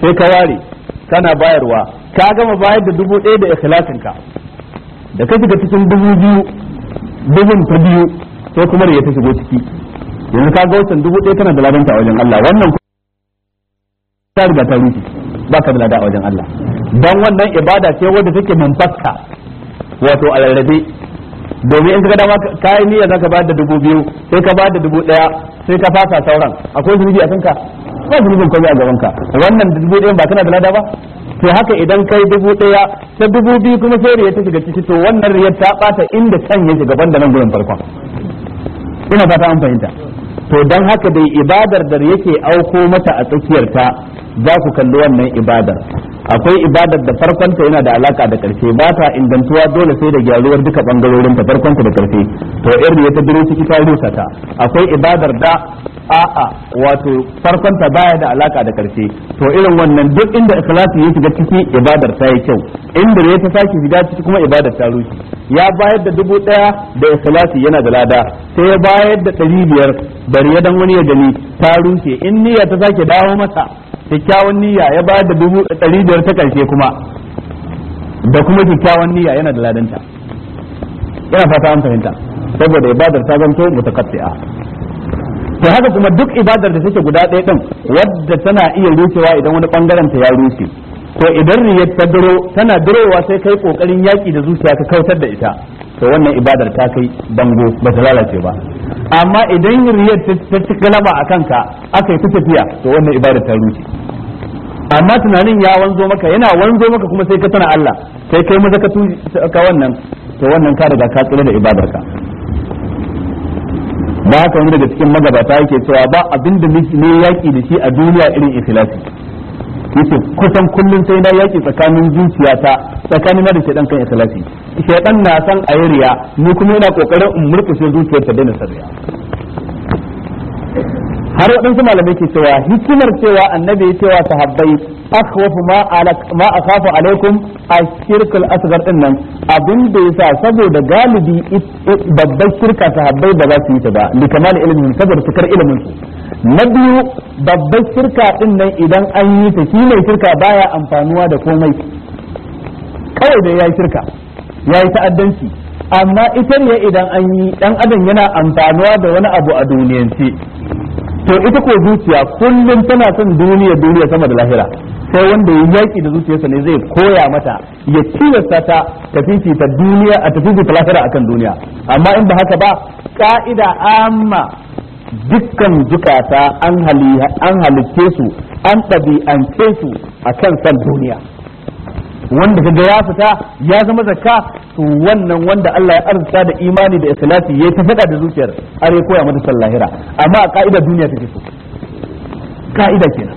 sai ka ware kana bayarwa ka gama bayar da dubu ɗaya da ikhlasin ka da ka shiga cikin dubu biyu dubun ta biyu sai kuma da ya ta shigo ciki yanzu ka ga wasan dubu ɗaya tana da ladanta a wajen Allah wannan ta riga ta rufe ba ka da a wajen Allah dan wannan ibada ce wadda take manfakka wato a rarrabe domin in ka dama kayan niyya zaka bayar da dubu biyu sai ka bayar da dubu ɗaya sai ka fasa sauran akwai zunubi a kanka ba nufin komai a gaban ka wannan dubu ɗaya ba tana da lada ba to haka idan kai dubu ɗaya ta dubu biyu kuma sai riyar ta shiga ciki to wannan riyar ta ɓata inda can ya shiga banda nan gurin farkon ina ta an fahimta to don haka dai ibadar da yake auko mata a tsakiyarta za ku kalli wannan ibadar akwai ibadar da farkonta yana da alaka da karshe ba ta ingantuwa dole sai da gyaruwar duka bangarorin ta farkon da karshe to irin ya ta duro ciki ta rusa ta akwai ibadar da a'a wato farkonta baya da alaka da karshe to irin wannan duk inda ikhlasi ya shiga ciki ibadar ta yi kyau inda ya ta saki shiga ciki kuma ibadar ta rushe ya bayar da dubu daya da ikhlasi yana da lada sai ya bayar da ɗari biyar bari dan wani ya gani ta rushe in niyya ta sake dawo masa kyakkyawan niyya ya bayar da dubu ɗari biyar ta karshe kuma da kuma kyakkyawan niyya yana da ladanta yana fata an fahimta saboda ibadar ta zanto mutakatti'a to haka kuma duk ibadar da take guda ɗaya ɗin, wadda tana iya rushewa idan wani bangaren ta ya rushe to idan riyar ta duro tana durowa sai kai kokarin yaki da zuciya ka kautar da ita to wannan ibadar ta kai bango ba ta lalace ba amma idan riyar ta ci galaba a kanka aka yi ta tafiya to wannan ibadar ta rushe amma tunanin ya wanzo maka yana wanzo maka kuma sai ka tana Allah sai kai maza ka wannan to wannan ka riga ka tsira da ibadarka da ka wani daga cikin magabata yake cewa ba abin da ne yaki da shi a duniya irin ikhlasi yace kusan kullum sai na yaki tsakanin zuciyata tsakanin na da shedan kan ikhlasi shedan na san ayriya ni kuma yana kokarin in murkushe zuciyar ta daina sarriya har waɗansu malamai ke cewa hikimar cewa annabi ya cewa sahabbai akhwafu ma ma akhafu alaikum a al-asghar din nan abin da yasa saboda galibi babbar shirka sahabbai ba za su yi ta ba li kamal ilmi saboda sukar ilmin su na biyu babban shirka din nan idan an yi ta shi mai shirka baya amfanuwa da komai kawai da yayi shirka yayi ta'addanci amma ita ne idan an yi dan adam yana amfanuwa da wani abu a duniyance to ita ko zuciya kullum tana son duniya duniya sama da lahira sai wanda ya yaki da zuciyarsa ne zai koya mata ya tilasta ta tafi ta duniya a tafi ta lahira akan duniya amma in ba haka ba ka'ida amma dukkan zukata an halitte su an ɗabi'ance su akan san duniya wanda kaga ya fita ya zama zakka to wannan wanda Allah ya arzuta da imani da ikhlasi yayi ta fada da zuciyar are koya mata sallahira amma a ka'ida duniya take so ka'ida kenan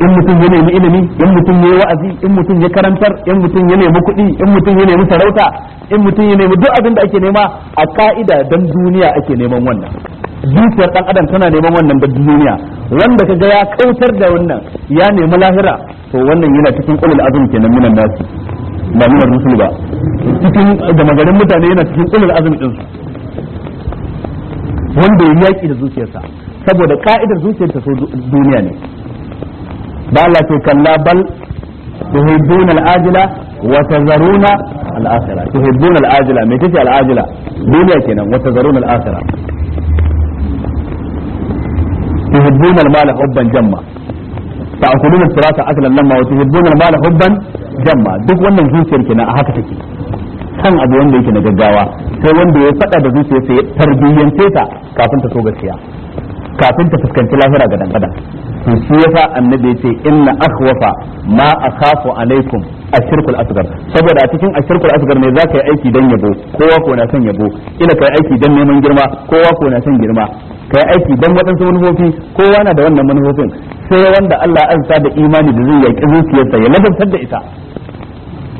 in mutum ya nemi ilimi in mutum ya yi wa'azi in mutum ya karantar in mutum ya nemi kuɗi in mutum ya nemi sarauta in mutum ya nemi duk abin da ake nema a ka'ida dan duniya ake neman wannan zuciyar dan adam tana neman wannan da duniya wanda kaga ya kautar da wannan ya nemi lahira to wannan yana cikin ulul azum kenan minan nasu ba minan rusul ba cikin da magarin mutane yana cikin ulul azum din su wanda ya yaki da zuciyarsa saboda ka'idar zuciyarsa so duniya ne ba Allah ce kalla bal tuhibbuna al-ajila wa tazaruna al-akhirah tuhibbuna al-ajila me kace al-ajila duniya kenan wa tazaruna al-akhirah tuhibbuna al-mala hubban jamma ta'kuluna as-sirata aklan lamma wa tuhibbuna al-mala hubban jamma duk wannan zuciyar kenan a haka take kan abu wanda yake na gaggawa sai wanda ya fada da zuciyar sai tarbiyyance ta kafin ta so gaskiya kafin ta fuskanci lahira ga dangadan to shi yasa annabi yace inna akhwafa ma a akhafu alaikum ashirkul asghar saboda a cikin ashirkul asghar ne zaka yi aiki dan yabo kowa ko na son yabo ila kai aiki don neman girma kowa ko na son girma yi aiki don waɗansu manufofi kowa na da wannan manufofin sai wanda Allah an sa da imani da zai yaƙi zuciyarsa ya ladabtar da ita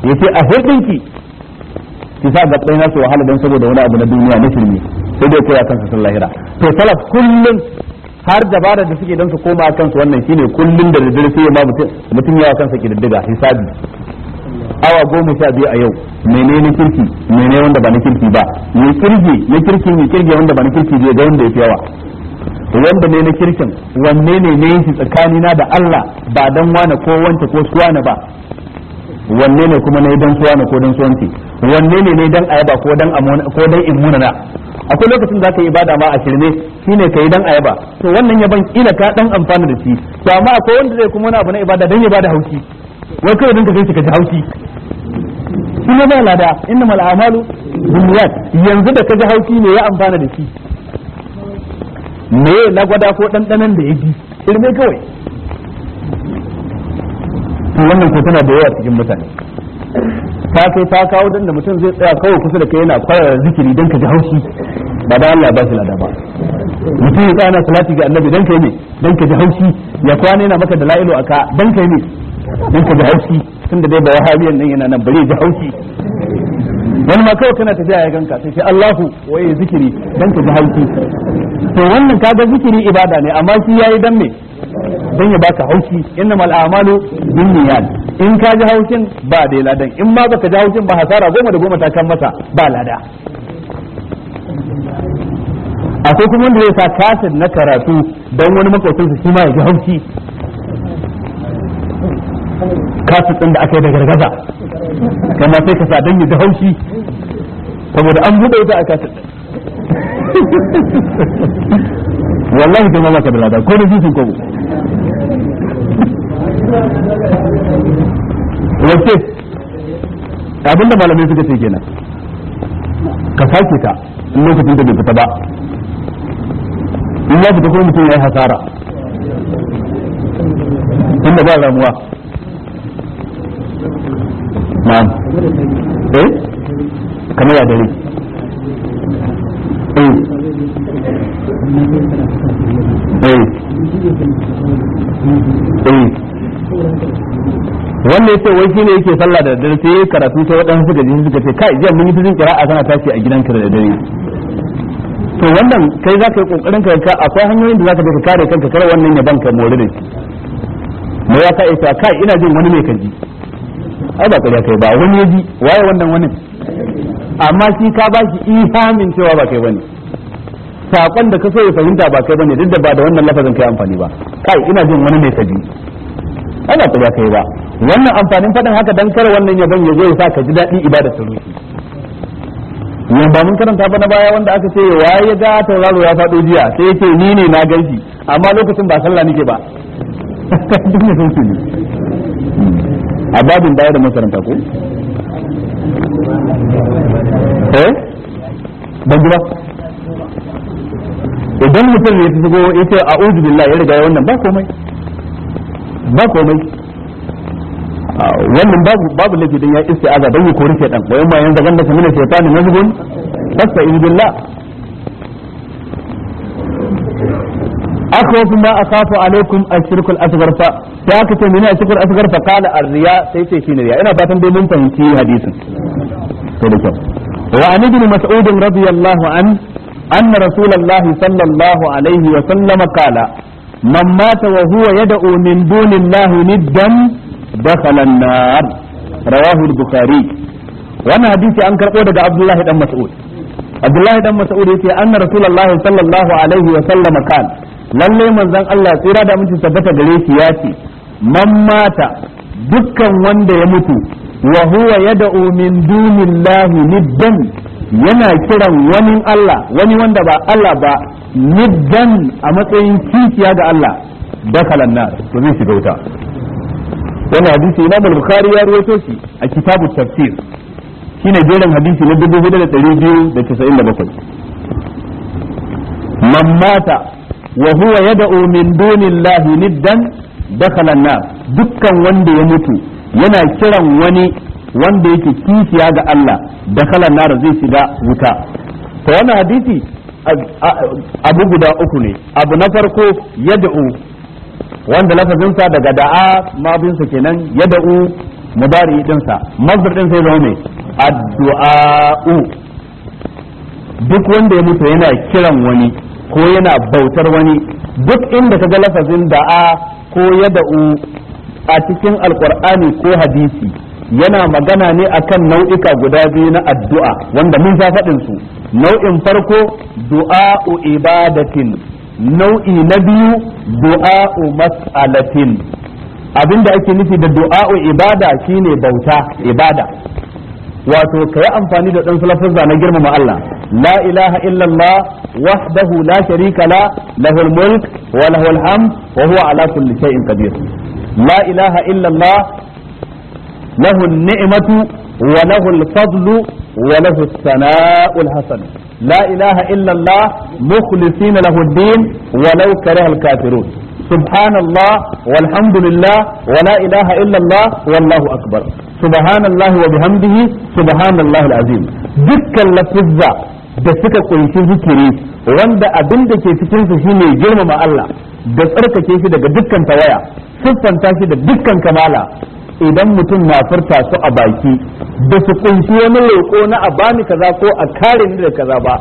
ya ce a hirdinki ki sa ga tsayin su wahala don saboda wani abu na duniya na shirme sai dai koya kansa sun lahira to talaf kullum har dabara da suke don su koma kansu wannan shine kullum da daddare sai ya ma mutum ya kansa kididdiga hisabi awa goma sha biyu a yau menene kirki menene wanda ba na kirki ba mai kirge ya kirki mai kirge wanda ba na kirki biyu ga wanda ya fi yawa wanda ne na kirkin wanne ne ne shi tsakanina da Allah ba dan wane ko wanta ko suwane ba wanne ne kuma yi dan suwane ko dan suwanci wanne ne ne dan ayaba ko dan amona ko dan na akwai lokacin ka yi ibada ma a shirme shine yi dan ayaba to wannan yaban kila ka dan amfana da shi to amma akwai wanda zai kuma wani abu na ibada dan ya bada hauki wai kawai don ka kai ka ji haushi kuma ba lada inna malamalu amalu yanzu da ka ji haushi ne ya amfana da shi me na gwada ko ɗanɗanon da ya ji irme kawai wannan ko tana da yawa cikin mutane ta kai ta kawo dan da mutum zai tsaya kawai kusa da kai yana fara zikiri dan ka ji haushi ba da Allah ba shi lada ba mutum ya tsaya na salati ga annabi dan kai ne dan ka ji haushi ya kwana yana maka da la'ilu aka dan kai ne dan ka ji haushi da dai ba wahabiyan nan yana nan bare ji haushi wani ma kawai kana tafiya ya ganka sai Allahu waye zikiri dan ka ji haushi to wannan kaga zikiri ibada ne amma shi yayi dan me dan ya baka haushi innamal a'malu binniyat in ka ji haushin ba dai ladan in ma baka ji haushin ba hasara goma da goma ta kan masa ba lada akwai kuma wanda ya sa kasid na karatu don wani makocinsa shi ma ya ji haushi kasu da aka yi da gargaza kamar sai ka sa dan da haushi saboda an buɗe ta a kasu wallahi kai ma ka da lada ko da jisun kobo wace abinda malamai suka ce kenan ka sake ta in lokacin da bai fita ba in ya fita ko mutum ya yi hasara da ba ramuwa na'am eh? ya eh. Eh. wanda ya ce wai shi ne yake sallah da daddare sai karatu sai waɗansu suka ji suka ce kai jiya mun yi tuzin kira'a kana tashi a gidanka da dare. to wannan kai za ka yi kokarin ka ka akwai hanyoyin da za ka bi ka kare kanka kar wannan ya banka mori da shi Mai ya ka isa kai ina jin wani mai kaji ai ba kariya kai ba wani yaji waye wannan wani amma shi ka ba shi ihamin cewa ba kai bane sakon da ka so ya fahimta ba kai bane duk da ba da wannan lafazin kai amfani ba kai ina jin wani ne kaji ai ba kai ba wannan amfanin fadin haka dan kar wannan yaban ya zo ya sa ka ji daɗi ibada ta ruhi yan ba mun karanta ba na baya wanda aka ce waye ga tauraro ya fado jiya sai yake ni ne na ganshi amma lokacin ba sallah nake ba duk ne sun ne hmm. a babin baya da makaranta ko eh ban ji ba idan mutum ya shigo ya ce a'udhu billahi ya riga ya wannan ba komai ba komai wannan babu babu laifi dan ya isti'aza dan yi kori shedan wa yamma yanzu ganda kamina na nazgun fasta in billah akhafu ma akhafu alaikum ashirku al-asghar fa sai aka ce mene ashirku al-asghar fa qala ar-riya sai ce shine riya ina fatan dai mun fahimci hadisin to da kyau wa an ibn mas'ud radiyallahu an أن رسول الله صلى الله عليه وسلم قال من مات وهو يدعو من دون الله ندا دخل النار رواه البخاري وانا حديثي عن كرقودة عبد الله بن مسعود عبد الله بن مسعود يقول أن رسول الله صلى الله عليه وسلم قال lalle manzon Allah tsira da mutum tabbata gare shi ya ce man mata dukkan wanda ya mutu wa huwa yad'u min dunillahi niddan yana kiran wani Allah wani wanda ba Allah ba niddan a matsayin kikiya ga Allah dakalan kalanna to zai shiga wuta wannan hadisi Imam bukhari ya rawaito shi a kitabut tafsir shine jerin hadisi na 2297 man mata wa huwa yad'u min dunillahi niddan dakhala an-nar dukkan wanda ya mutu yana kiran wani wanda yake kishiya ga Allah dakhala an zai shiga wuta to wannan hadisi abu guda uku ne abu na farko yad'u wanda lafazinsa daga da'a mabinsa kenan yad'u mudari dinsa mazhar din sai zama mai addu'a'u duk wanda ya mutu yana kiran wani ko yana bautar wani duk inda ka kaga lafazin da'a ko yada'u a cikin alkur'ani ko hadisi yana magana ne akan nau'ika guda biyu na addu'a wanda mun sa faɗin su nau'in farko du'a'u ibadatin nau'i na biyu du'a'u mas'alatin abinda ake nufi da du'a'u ibada shine bauta ibada wato ka yi amfani da ɗansu lafazza na girmama Allah la ilaha illallah wahdahu la sharika la lahul mulk wa lahul ham wa huwa ala kulli shay'in qadir la ilaha illallah lahul ni'matu wa lahul fadlu wa lahus sana'ul hasan la ilaha illallah mukhlisina lahu lahud din wa law karaha al kafirun subhanallah walhamdulillah wala ilaha illallah wallahu akbar subhanallah wa bihamdihi subhanallah alazim dukkan lafizza da suka kunshi zikiri wanda abin da ke cikin su shine girmama Allah da tsarkake shi daga dukkan tawaya siffanta shi da dukkan kamala idan mutum na furta su a baki da su kunshi wani roƙo na a bani kaza ko a kare ni da kaza ba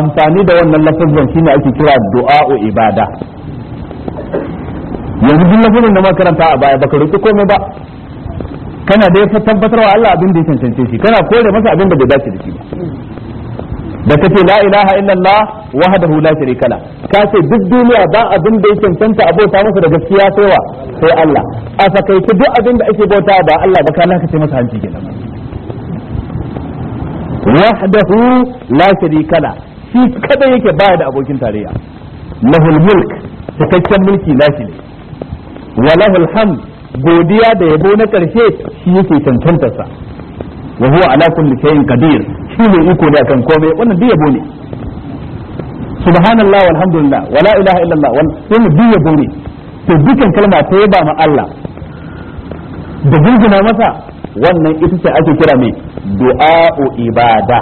amfani da wannan lafazin shine ake kira du'a'u ibada yanzu duk lafazin da makaranta a baya baka roƙi komai ba kana da yafi tabbatar wa Allah abin da ya cancance shi kana kore masa abin da bai dace da shi ba da kace la ilaha illallah wahdahu la sharika la ka ce duk duniya ba abin da ya cancanta abota masa da gaskiya sai sai Allah a fakaice duk abin da ake bauta ba Allah ba kana kace masa hanci kenan wahdahu la sharika la shi kada yake baya da abokin tarayya lahul mulk cikakken mulki nashi ne walahul hamd godiya da yabo na karshe shi yake cancantar sa wa huwa ala kulli shay'in qadir shi ne iko da kan komai wannan duk yabo ne subhanallah walhamdulillah wala ilaha illallah wannan duk yabo ne to dukkan kalma ta yaba ma Allah da gurguna masa wannan ita ce ake kira mai dua ibada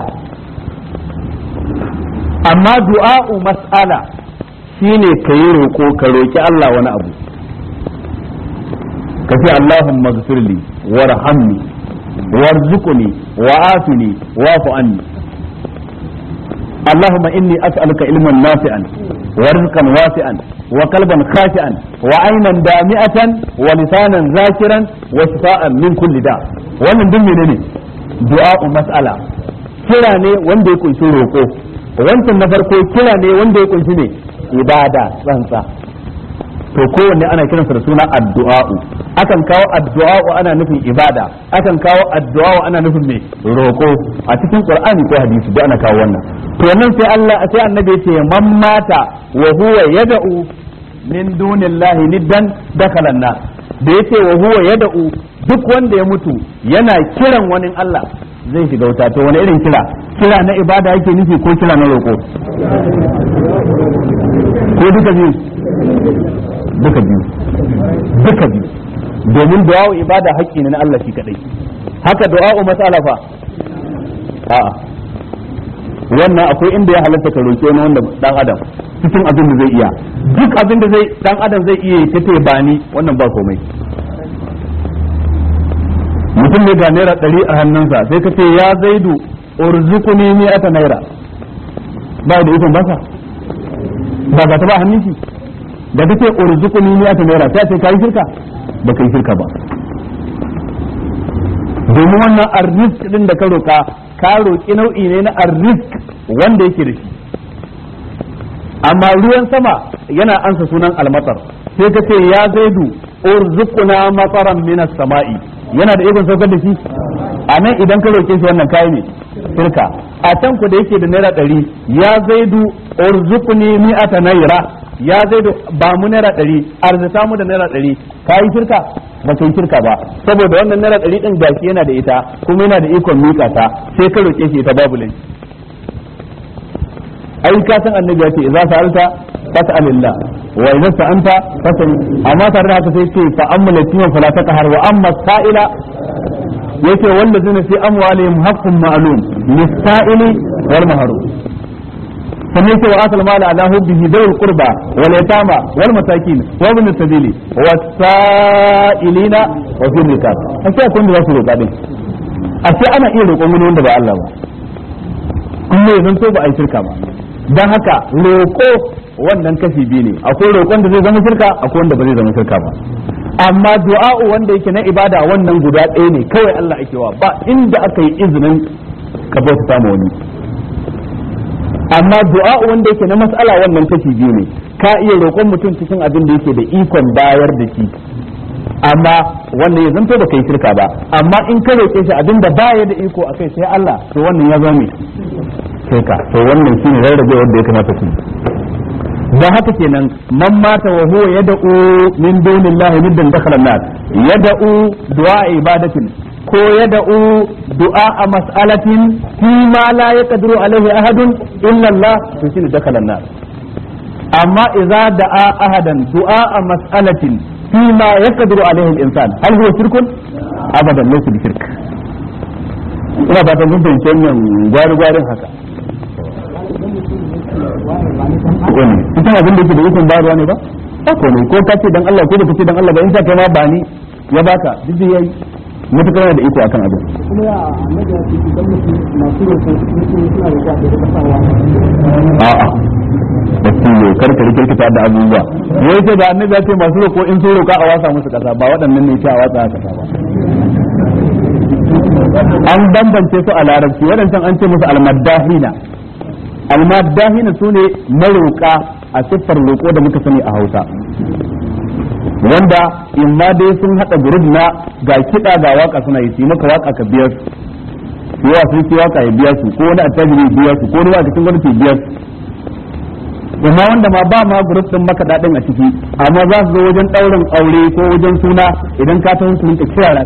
amma du'a'u mas'ala Shi ne ka yi roko ka roƙi Allah wani abu. Ka ce Allahu mazzirne warhammi warzikune wa'azine wafu anu. Allah ma in ni a ka alƙa ilmun nafi'an warruƙan wafi'an waƙalban kati'an wa'an nan dami'a san wa nisa zakiran za kiran min kulle da. Wannan binne ne ne du'a mas'ala. Kira ne wanda ya ƙunshi roko, wancan na farko kira ne wanda ya ƙunshi ne. ibada tsantsa to kowanne ana kiransa da suna addu'a'u akan kawo addu'a'u ana nufin ibada akan kawo addu'a'u ana nufin me roko a cikin qur'ani ko hadisi da ana kawo wannan to nan sai Allah sai annabi ya ce man mata wa huwa yad'u min dunillahi niddan dakalanna da yace wa huwa yad'u duk wanda ya mutu yana kiran wani Allah zai shiga wuta to wani irin kira kira na ibada yake nufi ko kira na roko ko duka biyu duka biyu duka biyu domin du'a'u ibada haƙƙi ne na Allah shi kadai haka du'a'u mas'ala alafa. a'a wannan akwai inda ya halatta ka roƙe na wanda dan adam cikin abin da zai iya duk abin da zai dan adam zai iya yi ta bani wannan ba komai mutum ne ga naira ɗari a hannunsa sai ka ce ya zaidu urzuquni mi'ata naira ba da ikon ba sa ba za ta ba hannun ta da kace ni ya ta naira ta ce kai shirka ba kai shirka ba domin wannan arrisk din da ka roka ka roki nau'i ne na arrisk wanda yake da shi amma ruwan sama yana ansa sunan almatar sai ka ce ya zaidu urzuquna mataran minas sama'i yana da ikon saukar da shi a nan idan ka roke shi wannan kai ne shirka a can ku da yake da naira ɗari ya zaidu urzuqni mi'ata naira ya zaidu ba mu naira ɗari arzita mu da naira ɗari ka yi shirka ba ka yi shirka ba saboda wannan naira ɗari ɗin gashi yana da ita kuma yana da ikon miƙa ta sai ka roƙe shi ita babu laifi ai ka san annabi ya ce idza sa'alta fas'alillah wa idza sa'anta fas'al amma tare da haka sai ce fa amma latiman fala taqhar wa amma sa'ila wanda wallazina fi amwalihim haqqun ma'lum lis-sa'ili wal mahrum sannan yace wa atal mala ala hubbihi dawul qurba wal yatama wal masakin wa ibn sabili was-sa'ilina wa fi rikab sai akwai da za su roƙa din a sai ana iya roƙon wani wanda ba Allah ba kuma ya zanto ba a yi shirka ba don haka roƙo wannan kashi biyu ne akwai roƙon da zai zama shirka akwai wanda ba zai zama shirka ba amma du'a'u wanda yake na ibada wannan guda ɗaya ne kawai Allah ake wa ba inda aka yi izinin ka bauta samu wani amma du'a'u wanda yake na mas'ala wannan take biyu ne ka iya roƙon mutum cikin abin da yake da ikon bayar da shi amma wannan ya zanto da kai shirka ba amma in ka roƙe shi abin da baya da iko a kai sai Allah to wannan ya zama ka to wannan shine rarrabe wanda ya na ku da haka kenan man mata wa huwa yad'u min dunillahi middan dakhala an-nar yad'u du'a ibadatin ko yad'u du'a mas'alatin fi ma la yaqdiru alaihi ahadun illa Allah to shine dakhala an-nar amma idza da'a ahadan du'a mas'alatin fi ma yaqdiru alaihi al-insan hal huwa shirkun abadan laysa bi shirk ina ba ta mun fahimci wannan gwari-gwarin haka ita abin da yake da ikon bayarwa ne ba ba ko ka ko kace dan Allah ko da kace dan Allah ba in ta kai ma ba ni ya baka duk da yayi mutakar yana da iko akan abin a'a da su yokar ka rikirkita da abubuwa wai sai da annabi ya ce masu roko in sun roka a wasa musu kasa ba waɗannan ne ce a wasa a kasa ba an bambance su a larabci waɗancan an ce musu almaddahina almadahina su ne maroƙa a siffar roƙo da muka sani a hausa wanda in ma dai sun haɗa gurub na ga kiɗa ga waka suna yi maka waka ka biyar su yawa sun waka ya biya su ko wani a tajiri ya biya su ko wani waka cikin gwamnati ke biya su amma wanda ma ba ma gurub din maka daɗin a ciki amma za su zo wajen ɗaurin aure ko wajen suna idan ka ta hukunta kirara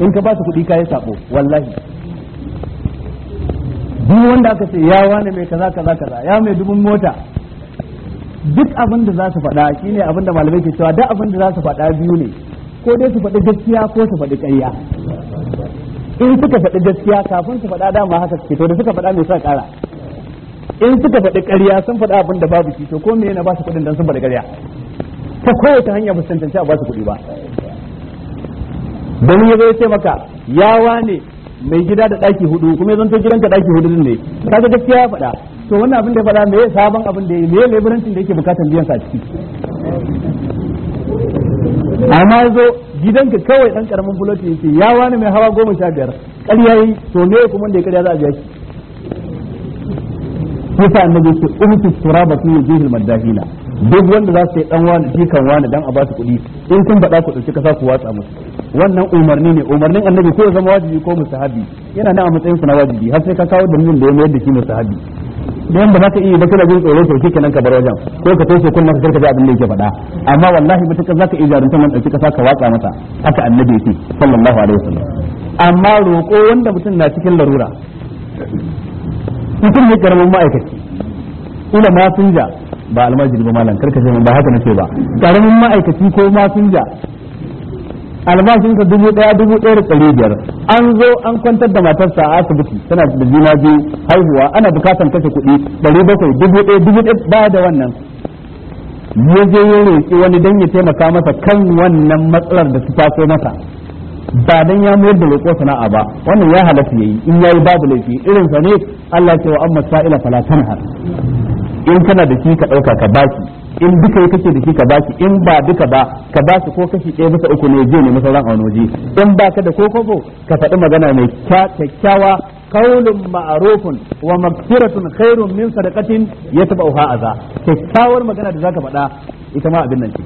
in ka ba su kuɗi kayan sabo wallahi duk wanda aka ce ya wane mai kaza kaza kaza ya mai dubin mota duk abin da za su faɗa shine abin da malamai ke cewa duk abin da za su faɗa biyu ne ko dai su faɗi gaskiya ko su faɗi ƙarya in suka faɗi gaskiya kafin su faɗa dama haka suke to da suka faɗa mai sa ƙara in suka faɗi ƙarya sun faɗi abin da babu shi to ko me yana ba su kuɗin dan sun faɗi ƙarya ta kowace hanya ba su tantance a ba su kuɗi ba dan yazo ya ce maka ya wane mai gida da daki hudu kuma zan to gidanka daki hudu ne kaga gaskiya ya faɗa to wannan abin da ya faɗa meye sabon abin da ya me leburancin da yake bukatan biyan sa ciki amma gidan gidanka kawai dan karamin buloti yake ya wani mai hawa goma sha biyar ƙarya yi to me kuma da ya ƙarya za a biya shi yasa annabi ce umtu turaba fi yujuhil madahina duk wanda za su yi dan wani jikan wani dan a ba su kuɗi in kun faɗa ku ɗauki kasa ku watsa musu wannan umarni ne umarnin annabi ko ya zama wajibi ko musahabi yana nan a matsayin sa na wajibi har sai ka kawo dalilin da ya mayar da shi musahabi dan ba za ka iya ba kana jin tsoro sai nan ka bar wajen ko ka toshe kunna ka karkaje abin da yake faɗa amma wallahi mutakar zaka iya jarunta man dauki kasa ka watsa masa haka annabi yake sallallahu alaihi wasallam amma roƙo wanda mutum na cikin larura mutum ne karamin ma'aikaci ila masinja ba almajiri ba malam karkace ba haka nace ba karamin ma'aikaci ko masinja albashinsa ka dubu daya dubu daya da tsari biyar an zo an kwantar da matarsa a asibiti tana da juna biyu haihuwa ana bukatan kashe kuɗi ɗari bakwai dubu daya dubu daya baya da wannan ya je ya roƙi wani don ya taimaka masa kan wannan matsalar da ta taso masa ba dan ya mayar da roƙo sana'a ba wannan ya halatta yi, in ya yi babu laifi irin sa ne Allah ya ce wa amma sa'ila fala tanhar in kana da shi ka ɗauka ka baki in duka kake da shi ka bashi in ba duka ba ka bashi ko kashi ɗaya bisa uku ne je ne masauran a wani waje in ka da kofo ka faɗi magana mai kyakkyawa kaulun ma'arufun wa magfiratun khairun min sadaqatin a aza kyakkyawar magana da zaka faɗa ita ma abin nan ce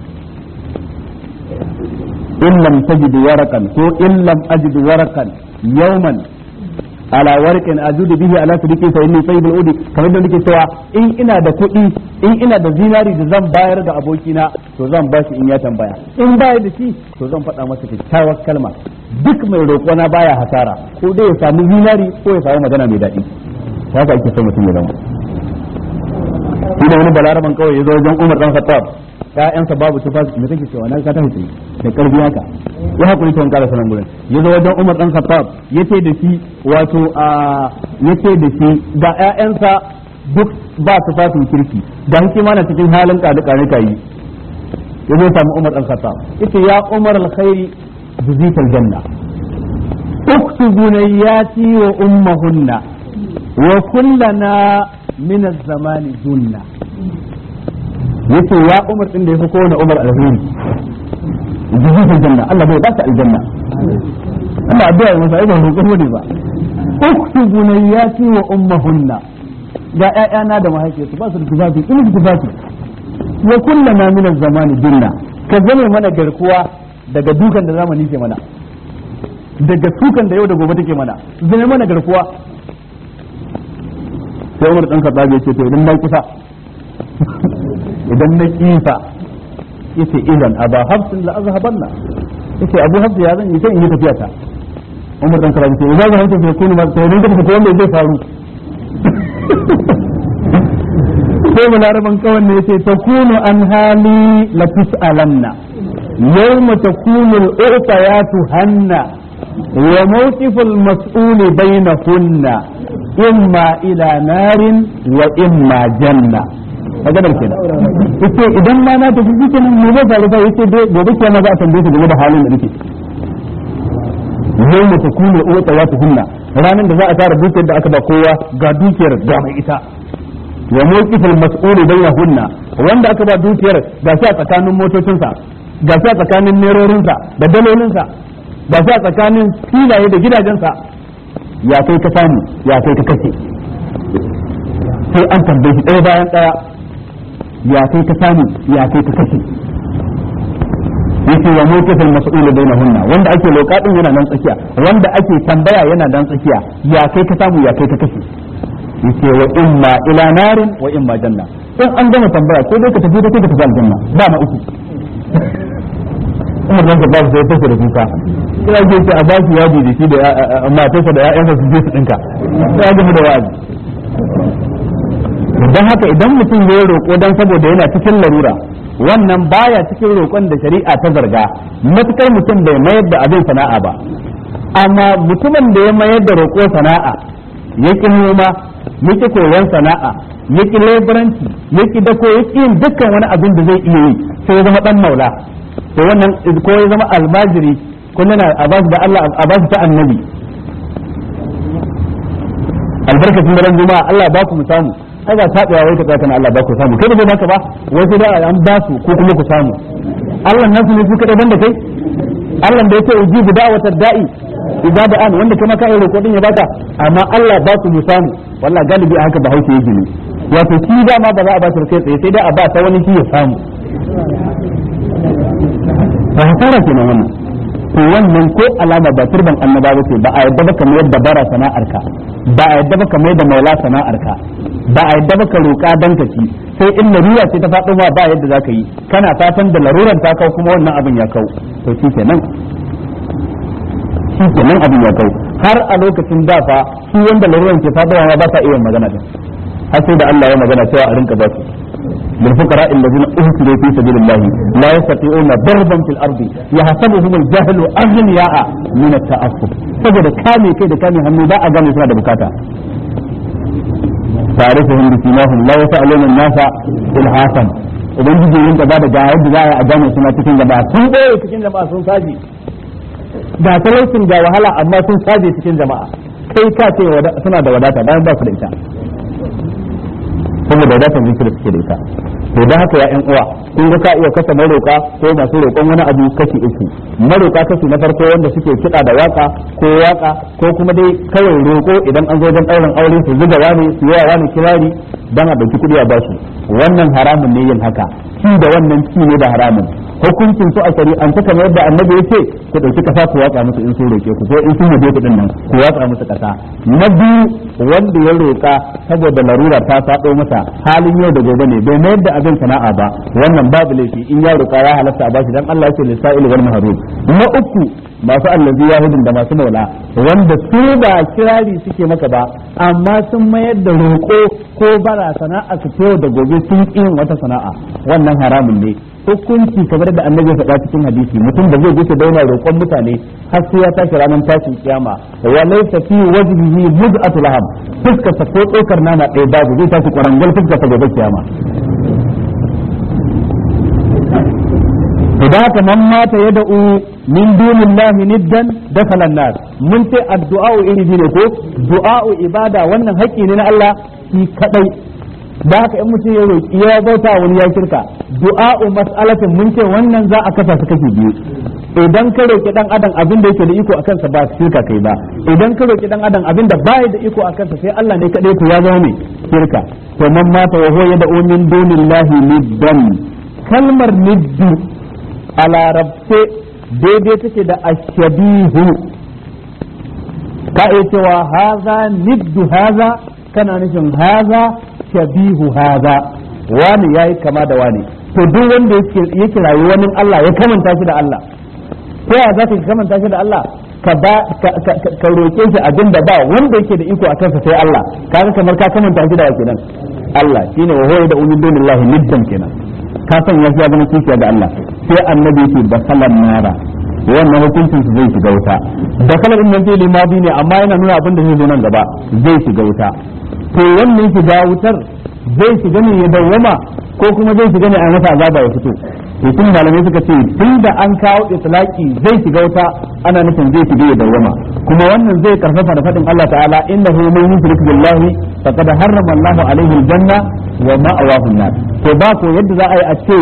in lam tajidu warakan ko in lam ajidu warakan yawman ala warqin da bihi ala sidqi fa inni sayyidul udi kamar da nake cewa in ina da kuɗi in ina da zinari da zan bayar da abokina to zan ba shi in ya tambaya in baya da shi to zan faɗa masa kyakkyawar kalma duk mai roƙona na baya hasara ko dai ya samu zinari ko ya samu magana mai daɗi haka ake so mutum ya zama ina wani balaraban kawai ya zo wajen Umar dan Khattab ƴaƴansa babu su fasiki me kake cewa na ka tafi tsaye da karbi haka ya hakuri ta wanka da sanan gurin yazo wajen Umar ɗan dan ya ce da shi wato a yace da shi ga ƴaƴansa duk ba su fasin kirki da hikima na cikin halin ka yi ya yazo samu Umar dan Khattab yace ya Umar alkhairi juzita aljanna uktubu niyati wa ummahunna wa kullana min az-zamani dunna yace ya Umar din da yafi kowane Umar alheri jihadin janna Allah bai ba ta aljanna Allah addu'a ya masa idan roƙon wani ba uktubu ci wa ummahunna ga ƴaƴana da mahaifiyarsu ba su da tufafi in tufafi wa kullama min az-zamani dinna ka zame mana garkuwa daga dukan da zamani ke mana daga sukan da yau da gobe take mana zame mana garkuwa sai Umar dan Khattab ya ce to idan na kusa idan na kifa yace idan aba hafsin la azhabanna yace abu hafs ya zan yi sai yi tafiya ta umar dan karabi ce idan hafsin bai kunu ma sai dan ko wanda zai faru sai balaraban kawan ne yace takunu an hali la tusalanna yawma takunu al-uqayatu hanna wa mawqifu al-mas'ul bainahunna imma ila narin wa imma janna maganar kenan yace idan ma na tafi shi kenan me zai faru ba yace dai gobe kiyama za a tambaye ka game da halin da nake yau kuma uwa uwata wa tuhunna ranan da za a tara dukiyar da aka ba kowa ga dukiyar da mai ita wa mawqifal mas'ul bainahunna wanda aka ba dukiyar ga shi a tsakanin motocinsa ga shi a tsakanin nerorinsa da dalolinsa ga shi a tsakanin filaye da gidajensa ya kai ka samu ya kai ka kace sai an tambaye shi ɗaya bayan ɗaya ya kai ka samu ya kai ka kashe yake wa da mas'ul hunna wanda ake lokadin yana nan tsakiya wanda ake tambaya yana nan tsakiya ya kai ka samu ya kai ka kashe yake wa imma ila narin wa imma janna in an gama tambaya ko dai ka tafi da kai ta tafi aljanna ba ma uku umar nan gaba da take da kuka sai ake ce a ba shi da shi da matarsa da ƴaƴansa su je su dinka Ya gama da wa'azi don haka idan mutum ya yi roƙo don saboda yana cikin larura wannan baya cikin roƙon da shari'a ta zarga matukar mutum bai mayar da abin sana'a ba amma mutumin da ya mayar da roƙo sana'a ya ƙi noma ya ƙi koyon sana'a ya ƙi leburanci ya ƙi dako ya ƙi dukkan wani abin da zai iya yi sai ya zama ɗan maula to wannan ko ya zama almajiri ko yana a ba da Allah a ba ta annabi albarkacin daren juma'a Allah ba ku mu samu ai ba tabewa wai ta na Allah ba ku samu kai da ka ba wai sai da an ba su ko kuma ku samu Allah nan ne su kada banda kai Allah da yake ujibu da'wata da'i ibada an wanda kuma ka roƙo kodin ya baka amma Allah ba su mu samu wallahi galibi haka ba hauke yake ne wato shi da ma ba za a ba shi kai tsaye sai da a ba ta wani shi ya samu ba hasara kenan wannan to wannan ko alama ba turban annaba ba ce ba a yadda ba kamar yadda bara sana'arka ba a yadda ba kamar yadda maula sana'arka ba a yadda baka roƙa dan ka ci sai in larura ce ta faɗo ma ba yadda zaka yi kana fatan da laruran ta kau kuma wannan abin ya kau to shi kenan shi kenan abin ya kau har a lokacin da fa shi wanda laruran ke faɗo ma ba ta iya magana da har sai da Allah ya magana cewa a rinka ba su للفقراء الذين أهتدوا في سبيل الله لا يستطيعون ضربا في الأرض يحسبهم الجهل أغنياء من التعفف saboda kame kai da kame hannu ba a gane suna da bukata ta'rifuhum bi simahum la yas'aluna an-nasa ilhafan idan kike yin gaba da ga yadda za a gane suna cikin gaba sun boye cikin jama'a sun saje da talaucin da wahala amma sun saje cikin jama'a sai ka ce suna da wadata bayan ba su da ita saboda wadatar da suke da ita to da haka ya uwa kun ga ka iya kasa maroka ko masu roƙon wani abu kashi uku maroka kashi na farko wanda suke kiɗa da waka ko waka ko kuma dai kawai roƙo idan an zo don ɗaurin aure su zuga wani su yi wani kirari don a ɗauki kuɗi a basu wannan haramun ne yin haka ki da wannan ci ne da haramun hukuncin su a shari'ance kamar yadda annabi yake ku dauki kasa ku watsa musu in sun roke ku ko in sun yabe ku din nan ku watsa musu kasa na biyu wanda ya roka saboda larura ta sado masa halin yau da gobe ne bai mayar da abin sana'a ba wannan babu laifi in ya roka ya halatta a bashi dan Allah yake lisa'il wal mahrum na uku masu allazi yahudin da masu maula wanda su ba kirari suke maka ba amma sun mayar da roko ko bara sana'a su da gobe sun yi wata sana'a wannan haramun ne hukunci kamar da annabi ya faɗa cikin hadisi mutum da zai je daina roƙon mutane har sai ya tashi ranar tashin kiyama wa laysa fi wajhihi mud'atu laham fuska sa ko tsokar nama ɗaya babu zai tashi kwarangal fuska ta gobe kiyama to da haka man mata yad'u min dunillahi niddan dakhala an-nar mun ce addu'a iri ne ko du'a ibada wannan haƙƙi ne na Allah shi kaɗai da haka in mutum ya roƙi ya bauta wani ya shirka du'a'u mas'alatin mun ce wannan za a kasa su kake biyu idan ka roƙi dan adam abin da yake da iko akan sa ba shirka kai ba idan ka roƙi dan adam abin da bai da iko akan sa sai Allah ne kadai to ya zama ne shirka to man mata wa huwa yad'u min dunillahi niddan kalmar niddu a larabce daidai take da ashabihu ka iya cewa haza niddu haza kana nufin haza shabihu haza wani yayi kama da wani to duk wanda yake yake rayuwa wani Allah ya kamanta shi da Allah ko ya zaka kamanta shi da Allah ka ba ka roke shi abin da ba wanda yake da iko a kansa sai Allah kaga kamar ka kamanta shi da kenan Allah shine wa huwa da umin dunillahi niddan kenan ka san ya ga mun kishiya da Allah sai annabi yake basalan nara wannan hukuncin su zai shiga wuta da kalar din nan zai limabi ne amma yana nuna abin da zai zo nan gaba zai shiga wuta to wannan shiga wutar zai shiga ne ya dawwama ko kuma zai shiga ne a masa azaba ya fito to malamai suka ce tunda da an kawo islaƙi zai shiga wuta ana nufin zai shiga ya dawwama kuma wannan zai karfafa da fadin Allah ta'ala innahu man yushrik billahi faqad harrama Allahu alaihi aljanna wa ma'awahu an to ba ko yadda za a yi a ce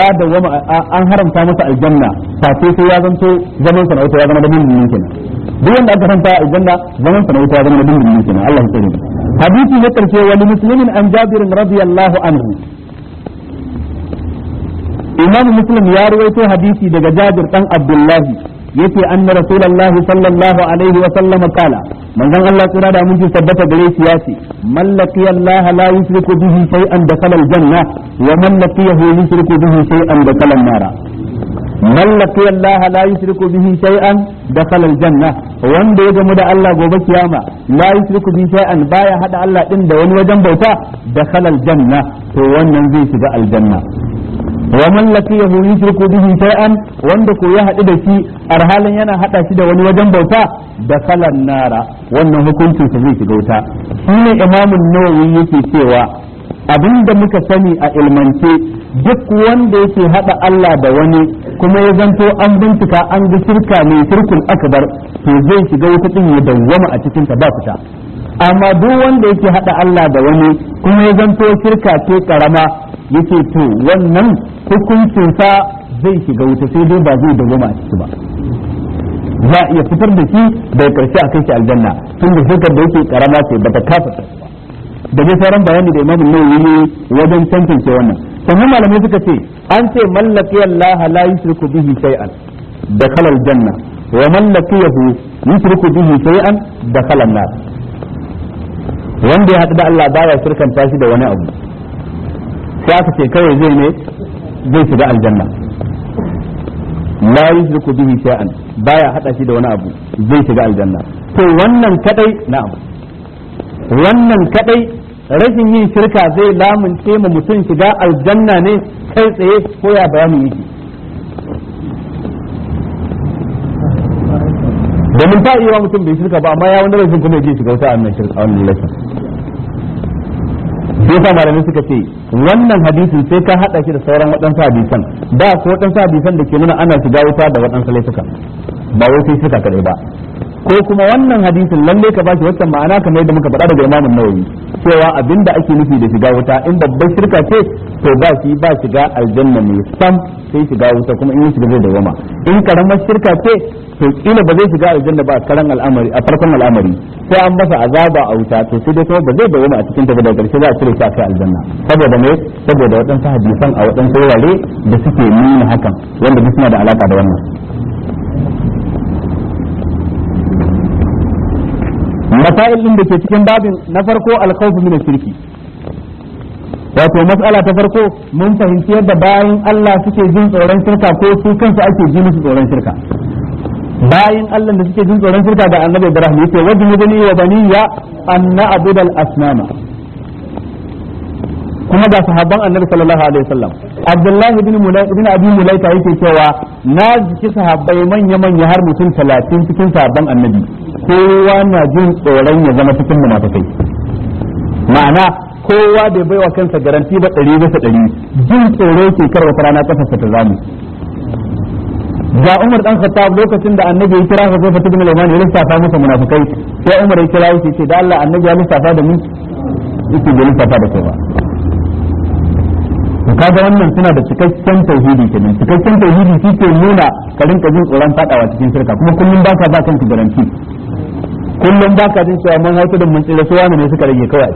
ya dawwama an haramta masa aljanna fa sai ya zanto zaman sa na wuta ya zama da mun kenan duk wanda aka san a aljanna zaman sa na wuta zama dindindin kenan Allah ya tsare hadisi na karshe wani muslimin an jabir radiyallahu anhu imam muslim ya rawaito hadisi daga jabir dan abdullahi yace anna rasulullahi sallallahu alaihi wa sallam kala manzon Allah tsira da mun ji tabbata gare shi yace man laqiya Allah la yushriku bihi shay'an dakhala aljanna wa man laqiyahu yushriku bihi shay'an dakhala an-nara man laqiya Allah la yushriku bihi shay'an dakhala wanda ya gamu da Allah gobe kiyama la yushriku bihi shay'an baya hada Allah ɗin da wani wajen bauta da dakhala janna to wannan zai shiga aljanna wa man laqiyahu yushriku bihi shay'an wanda koya haɗu da shi arhalin yana hada shi da wani wajen bauta da dakhala nara wannan hukuncin sa zai shiga wuta shine imamun nawawi yake cewa abinda muka sani a ilmance duk wanda yake haɗa Allah da wani kuma ya zanto an bincika an ga shirka mai shirkun akbar to zai shiga wata din ya dawwama a cikin ta ba fita amma duk wanda yake hada Allah da wani kuma ya zanto shirka ce karama yake to wannan hukuncin sa zai shiga wuta sai dai ba zai dawwama a ciki ba za a iya fitar da shi daga karshe a kai shi aljanna tun da shirkar da yake karama ce ba ta kafa da dai sauran bayani da imamu nawawi wajen tantance wannan sannan malamai suka ce an ce mallaki Allah la yushriku bihi shay'an dakhala aljanna wa mallakiyahu yushriku bihi shay'an dakhala an-nar wanda ya haɗu da Allah baya shirkanta shi da wani abu sai aka ce kawai zai ne zai shiga aljanna la yushriku bihi shay'an baya hada shi da wani abu zai shiga aljanna to wannan kadai na'am wannan kadai rashin yin shirka zai lamunce mu mutum shiga aljanna ne kai tsaye ko ya bayani yake domin ta iya mutum bai shirka ba amma ya wani rashin kuma yake shiga wata annan shirka wannan lalata sai sa malamai suka ce wannan hadisin sai ka hada shi da sauran waɗansu hadisan ba su waɗansu hadisan da ke nuna ana shiga wuta da waɗansu laifuka ba wai sai ka kaɗai ba ko kuma wannan hadisin lalle ka bashi waccan ma'ana kamar yadda muka faɗa daga Imam Nawawi cewa abinda ake nufi da shiga wuta in babbar shirka ce to ba shi ba shiga aljanna ne sam sai shiga wuta kuma in shiga zai dawama in karamar shirka ce to kila ba zai shiga aljanna ba karan al'amari a farkon al'amari sai an masa azaba a wuta to sai dai kuma ba zai dawama a cikin ta daga karshe za a cire shi a kai aljanna saboda me saboda waɗansu hadisan a waɗansu wurare da suke nuna hakan wanda duk suna da alaka da wannan masail din da ke cikin babin na farko alkhawfu min shirki wato mas'ala ta farko mun fahimci yadda bayan Allah suke jin tsoron shirka ko su kansu ake ji musu tsoron shirka bayan Allah da suke jin tsoron shirka da Annabi Ibrahim yace wajhu bani wa baniya an asnama kuma ga sahabban annabi sallallahu alaihi wasallam abdullahi bin mulay bin abi mulay ta yake cewa na jiki sahabbai manya manya har mutum 30 cikin sahabban annabi kowa na jin tsoron ya zama cikin munafikai ma'ana kowa bai baiwa kansa garanti ba ɗari bisa ɗari jin tsoro ke karwa wata rana kafarsa ta zamu ga Umar dan Khattab lokacin da Annabi ya kira sa Zafa ibn Al-Iman ya lissafa masa munafikai sai Umar ya kira shi ce da Allah Annabi ya lissafa da mu yake da lissafa da kai ba to kaga wannan suna da cikakken tauhidi kenan cikakken tauhidi shi ke nuna ka rinka jin tsoron fadawa cikin shirka kuma kullum baka ba kanka garanti kullum baka jin cewa mun hausa da mun tsira su wani ne suka rage kawai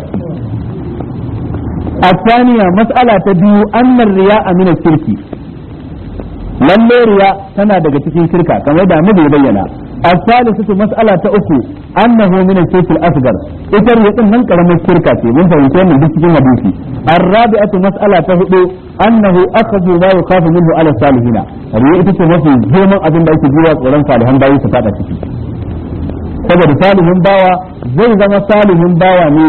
ta biyu تبيو أن riya amina kirki lalle riya tana daga cikin shirka kamar da mu bayyana الثالثة مسألة أكو أنه من الشرك الأصغر إتر يتم من كلمة الشركة من فهمتين من بيت جمع بيتي الرابعة مسألة تهدو أنه أخذ ما يخاف منه على الصالحين ريئتك مفي جمع أبن بيت جوا ولن صالحان باوي سفادة saboda salihin bawa zai zama salihin bawa ne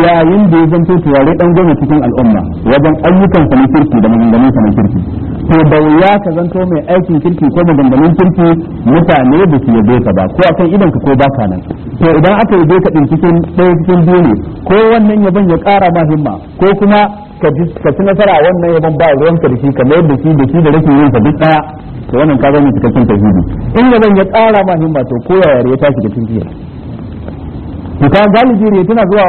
yayin da ya zanto turare dan goma cikin al'umma wajen ayyukan sa na kirki da maganganun sa na kirki ko da wuya ka zanto mai aikin kirki ko maganganun kirki mutane da su yabe ka ba ko akan idan ka ko baka nan to idan aka yabe ka din cikin ɗaya cikin biyu ne ko wannan yaban ya ƙara ma himma ko kuma ka ci nasara wannan yaban ba ruwan ka da shi kamar yadda shi da shi da rashin yin sa duk ɗaya to wannan ka zama cikakken tauhidi in yaban ya ƙara ma himma to ko yaya ya tashi da cikin to ka galibi ne tana zuwa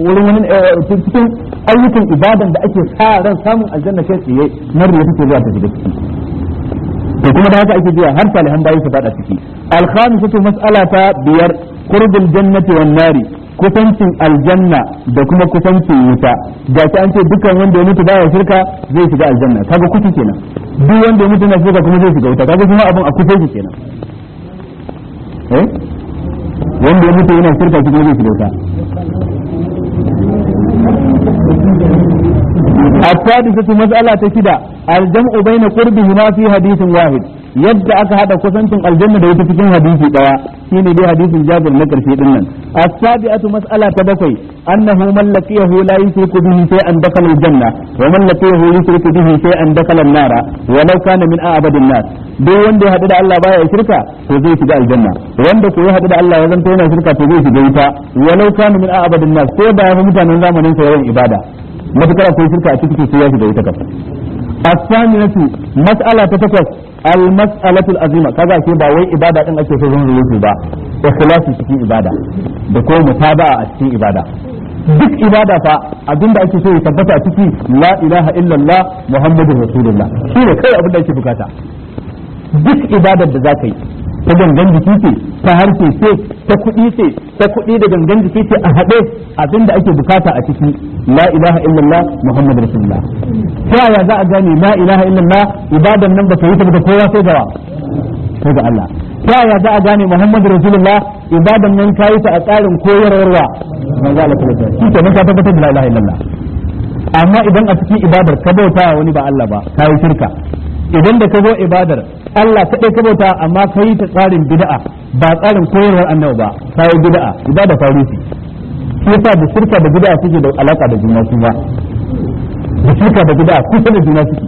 wurin wani eh, cikin ayyukan ibadan da ake sa ran samun aljanna kai tsaye nan riya take zuwa ta shiga ciki to kuma da haka ake biya har salihan bayi su fada ciki al-khamisatu mas'alata biyar qurbul jannati wan nari kusancin aljanna da kuma kusancin wuta ga shi an ce dukkan wanda ya mutu baya shirka zai shiga aljanna kaga kusa kenan duk wanda ya mutu na shirka kuma zai shiga wuta kaga kuma abin a kusa kenan eh wanda ya mutu yana shirka kuma zai shiga wuta السادسة مسألة تكدا الجمع بين قربهما في حديث واحد yadda aka hada kusancin aljanna da wata cikin hadisi daya shine dai hadisin Jabir na karshe din nan as-sabi'atu mas'ala ta bakwai annahu man laqiyahu la yushriku bihi shay'an dakhala al-janna wa man laqiyahu yushriku bihi shay'an dakhala an-nar wa law kana min a'badi an-nas duk wanda ya hadu da Allah baya shirka to zai shiga aljanna wanda ko ya hadu da Allah ya zanto yana shirka to zai shiga wuta wa min nas ko da mutanen zamanin sa ibada matakar akwai shirka a cikin sai ya shiga wuta kafa as mas'ala ta takwas al-mas'alatu al-azima kaga ke ba wai ibada din ake so zuwa rubuce ba ikhlasi cikin ibada da ko mutaba'a a cikin ibada duk ibada fa abinda ake so ya tabbata a ciki la ilaha illallah muhammadur rasulullah shine kai da ake bukata duk ibadar da zaka ta gangan jiki ce ta harshe ce ta kuɗi ce ta kuɗi da gangan jiki ce a haɗe abin da ake bukata a ciki la ilaha illallah Muhammadu rasulullah ta yaya za a gane la ilaha illallah ibadan nan ba ta yi ta da kowa sai gawa sai ga Allah ta yaya za a gane Muhammadu rasulullah ibadan nan ta yi ta a tsarin koyarwarwa manzo Allah shi ke nan ka tabbatar da la ilaha illallah amma idan a cikin ibadar ka bauta wani ba Allah ba ka yi shirka idan da ka zo ibadar Allah kaɗai ka bauta amma ka yi ta tsarin bid'a ba tsarin koyarwar annabi ba ka yi bid'a ibada farisi shi yasa da shirka da bid'a suke da alaka da juna su ba da shirka da bid'a su da juna suke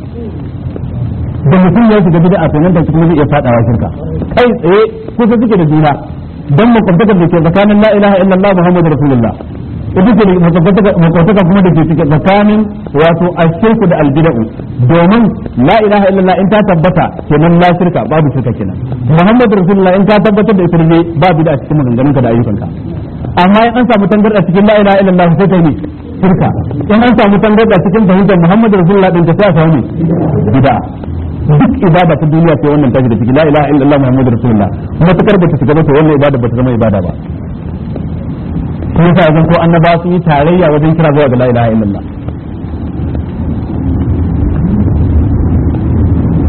da mutum ya shiga bid'a to nan da kuma zai iya fadawa shirka kai tsaye kusa suke da juna dan makwabtakar da ke tsakanin la ilaha illallah muhammadur rasulullah ita ce makwataka kuma da ke cike tsakanin wato ashirku da albida'u domin la ilaha illallah in ta tabbata kenan la shirka babu shirka kenan muhammadu rasulullah in ta tabbatar da ita ne ba bid'a cikin maganganunka da ayyukanka amma in an samu tangarda cikin la ilaha illallah sai ta ne shirka in an samu tangarda cikin fahimtar muhammadu rasulullah din ta sai a samu bid'a duk ibada ta duniya sai wannan tashi da ciki la ilaha illallah muhammadu rasulullah matakar ba ta shiga ba to wannan ibada ba ta zama ibada ba shi yasa yanzu ko annaba sun yi tarayya wajen kira zuwa ga la ilaha illallah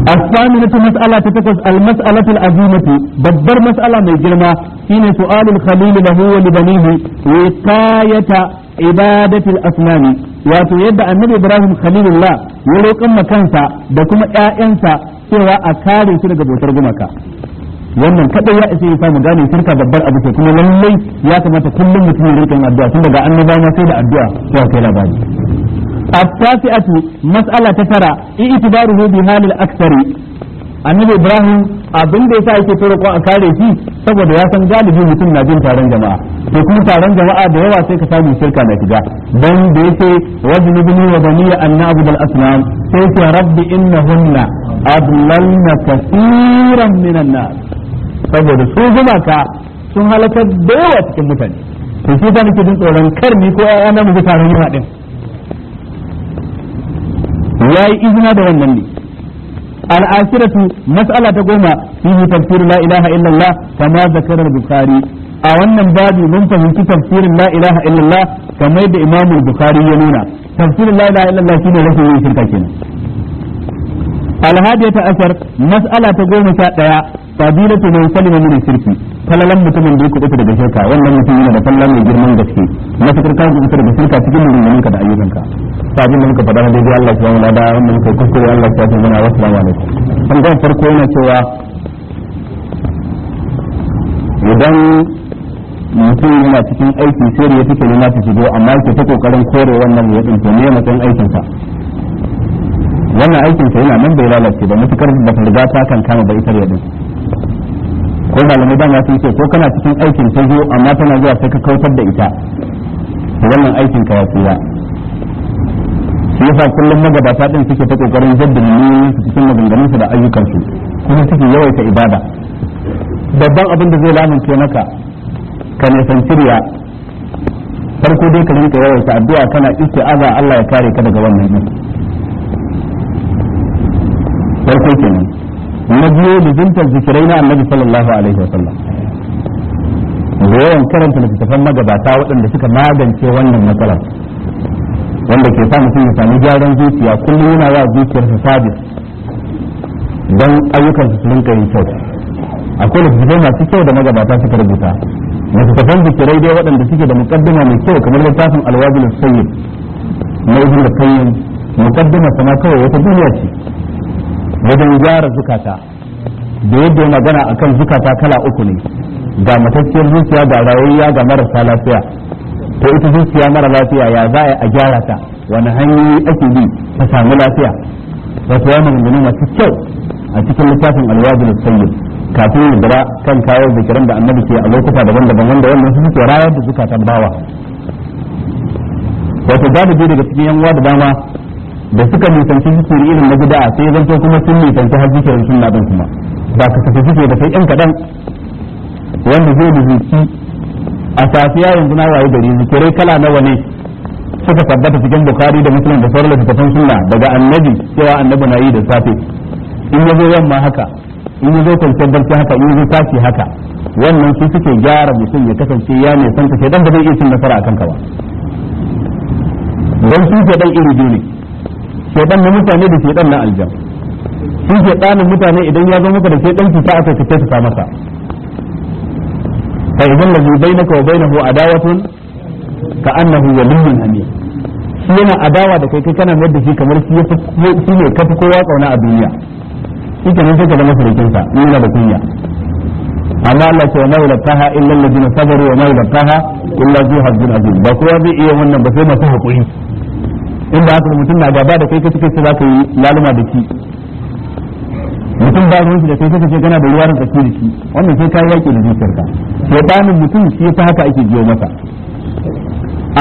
الثامنة مسألة تتكس المسألة العظيمة بدر مسألة من جرمة حين سؤال الخليل له ولبنيه وقاية عبادة الأصنام wato yadda annabi ibrahim khalilullah ya roƙon makansa da kuma ƴaƴansa cewa a kare su daga bautar gumaka wannan kadai ya ishe ya mu gane shirka babbar abu ce kuma lallai ya kamata kullum mutum ya rika addu'a tun daga annaba ma sai da addu'a sai kai labari التاسعة مسألة ترى اعتباره بحال الأكثر annabi ibrahim abin da yasa yake tsoro a kare shi saboda ya san galibi mutum na jin taron jama'a to kuma taron jama'a da yawa sai ka samu shirka na shiga dan da yake wajin ibni wa bani an na'bud asnam sai ce rabbi innahunna adlalna kaseeran minan nas saboda su ka sun halakar da yawa cikin mutane to shi ta nake jin tsoron kar ni ko yaya na mu taron yawa din yayi izina da wannan ne al-akhiratu mas'ala ta goma fi tafsir la ilaha illallah kama zakara bukhari a wannan babu mun fahimci tafsirin la ilaha illallah kamar da imamu bukhari ya nuna tafsirin la ilaha illallah shine rashin yin shirka kenan mas'ala ta goma sha ɗaya. fadilatu zai salima min shirki falalan mutumin da ya kubuta daga shirka wannan mutum yana da falla mai girman gaske matakar ka kubuta daga shirka cikin maganganun ka da ayyukanka sabin da muka faɗa daidai Allah ya wani da wannan kai kuskure Allah ta tafi wasu salamu alaikum kan farko yana cewa idan mutum yana cikin aiki sai ya fice ne na fi shigo amma ke ta kokarin kore wannan ya din to ne matsayin aikinsa wannan aikinsa yana nan bai lalace ba mutukar da ta riga ta kan kama ba ita ko malamai dama sun ce ko kana cikin aikin ta zo amma tana zuwa sai ka kautar da ita wannan aikin ka ya tsira shi yasa kullum magabata din suke ta kokarin zaddin niyoyin su cikin maganganun su da ayyukan su kuma suke yawaita ibada babban abin da zai lamunce maka ka san shirya farko dai ka rinka yawaita addu'a kana isti'aza Allah ya kare ka daga wannan din farko kenan na da lizimtar zikirai na annabi sallallahu alaihi wasallam da yawan karanta littattafan magabata waɗanda suka magance wannan matsalar wanda ke sa mutum ya sami gyaran zuciya kullum yana wa zuciyarsa sabis don ayyukan su rinka yin kyau akwai littattafai masu kyau da magabata suka rubuta littattafan zikirai dai waɗanda suke da muƙaddima mai kyau kamar littafin alwajin sayyid na ibn qayyim muqaddima sama kawai wata duniya ce wajen gyara zukata da yadda magana akan zukata kala uku ne ga matacciyar zuciya ga rayayya ga marasa lafiya ko ita zuciya mara lafiya ya za a gyara ta wani hanyoyi ake bi ta samu lafiya wasu ya maganganu masu kyau a cikin littafin alwajin sayyid kafin ya dira kan da kiran da annabi ke a lokuta daban-daban wanda wannan su suke rayar da zukatan bawa wato galibi daga cikin yan da dama da suka nisanci zikiri irin na a sai ya zanto kuma sun nisanci har zikirin sunna din kuma ba ka kasa suke da sai yan kadan wanda zai da a safiya yanzu na waye gari zikirai kala nawa ne suka tabbata cikin bukari da musulun da sauran littattafan sunna daga annabi cewa annabi na yi da safe in ya yamma haka in ya zo kwanciyar barci haka in ya zo tashi haka wannan su suke gyara mutum ya kasance ya mai santa sai dan ba zai iya cin nasara akan ka ba don su ke dan iri biyu ne shaidan na mutane da shaidan na aljan shi shaidanin mutane idan ya zo maka da shaidan cuta aka kace ta masa fa idan ladhi bainaka wa bainahu adawatun ka annahu waliyyun hamid shi yana adawa da kai kai kana mai da shi kamar shi shi ne kafi kowa kauna a duniya shi kenan sai ka zama surukin sa yana da kunya amma Allah ce mai da taha illa alladhina sabaru wa mai da taha illa zu hazzun azim ba kowa zai iya wannan ba sai masu hakuri in ba haka mutum na gaba da kai kake ce za ka yi laluma da ki mutum ba ruwan shi da kai kake ce kana da ruwa da tsaki da ki wannan sai kai yake da sai shaytanin mutum shi ta haka ake biyo masa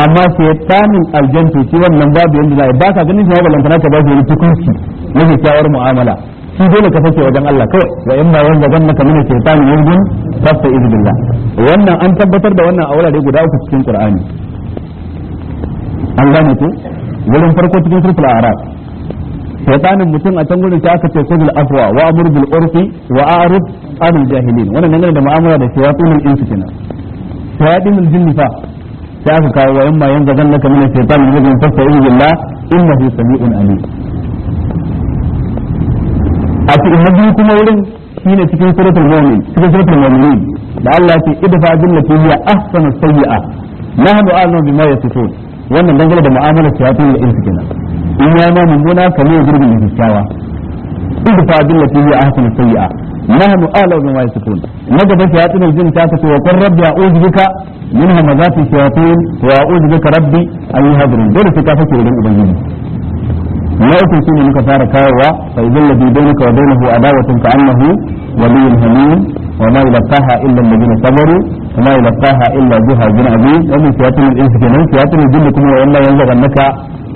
amma sai shaytanin aljanto shi wannan babu yanda za ba ka ganin shi ba lantana ka ba shi wani tukunci na kyakkyawar mu'amala shi dole ka fake wajen Allah kawai wa in wanda ganna ka mina shaytanin yanzun fasta izbillah wannan an tabbatar da wannan a wurare guda uku cikin Qur'ani an gane ko wurin farko cikin suratul a'raf shaytanin mutum a can gurin sai aka ce kudul afwa wa amur bil urfi wa a'rid anil jahilin wannan dangane da mu'amala da shayatinul insu kenan shayatinul jinni fa sai aka kawo wa yamma yanzu zan laka min shaytan min rajin fasta in billah innahu sami'un alim a cikin nabi kuma wurin shine cikin suratul mu'min cikin suratul mu'minin da Allah ya ce idfa jannati hiya ahsanu sayyi'a nahnu a'lamu bima yasifun wannan dangane da mu'amalar ta da irin kenan in ya ma gona kamar ya gurbin kyakkyawa in fa billati hiya ahsan ala nahnu a'lamu bima yasifun na gaba shayatin jin ta kace wa qur rabbi a'udhu bika min hamazati shayatin wa a'udhu bika rabbi an hadirin dole sai ka fake da ubangiji na uku shine muka fara kawowa fa idan da bainaka wa bainahu adawatun ka annahu waliyyun hamim وما يلقاها إلا الذين صبروا وما يلقاها إلا جهه بن عظيم ومن شياطين الإنس كمان شياطين الجن كما وإلا ينزغنك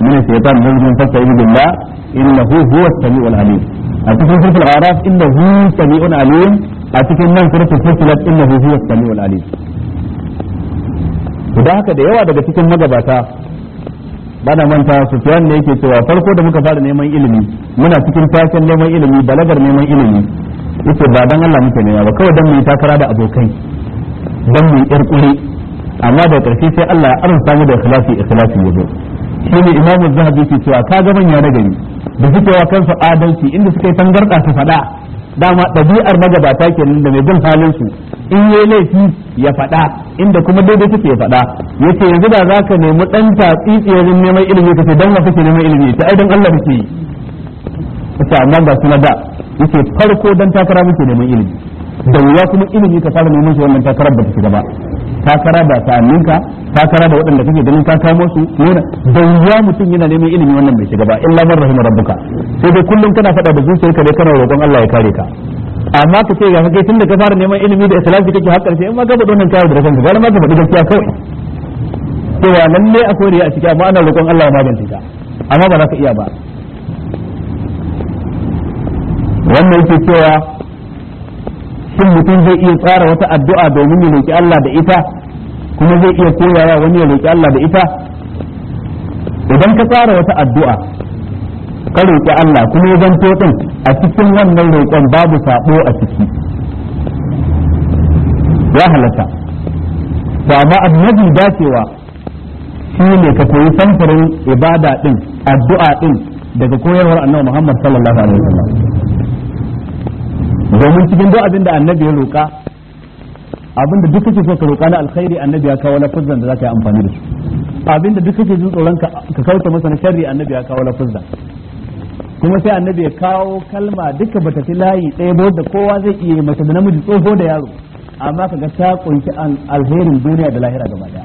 من الشيطان نزغ فاستعيذ بالله إنه هو السميع العليم أتكلم في الأعراف إنه سميع عليم أتكلم من سورة الفصلت إنه هو السميع العليم da haka da yawa daga cikin magabata bana manta Sufyan ne yake cewa farko da muka fara neman ilimi muna cikin taken neman ilimi balagar neman ilimi yace ba dan Allah muke nema ba kawai dan mu takara da abokai dan mu yar' amma da karfi sai Allah ya arsa mu da ikhlasi ikhlasi yazo shine Imam Zahabi yake cewa ka ga manya na gari da suke wa kansu adalci inda suke tangarda su fada dama ɗabi'ar magabata kenan da mai bin halin su in yi laifi ya fada inda kuma daidai take ya fada yace yanzu da zaka nemi dan tsiyarin neman ilimi kace dan wa kake neman ilimi ta aidan Allah kake yi yace amma ga suna da yake farko dan takara muke neman ilimi da wuya kuma ilimi ka fara neman shi wannan takarar da kake gaba takara da sa'anninka takara da waɗanda kake ganin ka kawo su nuna da wuya mutum yana neman ilimi wannan bai shiga ba illa man rahimu rabbuka sai dai kullum kana faɗa da zuciyarka dai kana roƙon Allah ya kare ka amma ka ce ga kake tun da ka fara neman ilimi da islamu kake har karshe in ma ka faɗi wannan kawo da kanka gara ma ka faɗi gaskiya kawai cewa lalle akwai riya a ciki amma ana roƙon Allah ya magance ka amma ba za ka iya ba wannan yake cewa shin mutum zai iya tsara wata addu'a domin ya roƙi Allah da ita kuma zai iya koyawa wani ya roƙi Allah da ita idan ka tsara wata addu'a ka roƙi Allah kuma ya zanto din a cikin wannan roƙon babu sabo a ciki ya halatta ba amma abu mafi dacewa shi ne ka koyi samfurin ibada din addu'a din daga koyarwar annabi Muhammad sallallahu alaihi wasallam domin cikin duk abin da annabi ya roƙa abin da duk kake so ka roƙa na alkhairi annabi ya kawo lafazan da zaka yi amfani da su abin da duk kake jin tsoron ka ka kauce masa na sharri annabi ya kawo lafazan kuma sai annabi ya kawo kalma duka bata fi layi ɗaya ba da kowa zai iya mace da namiji tsoho da yaro amma kaga ta kunshi alherin duniya da lahira gaba daya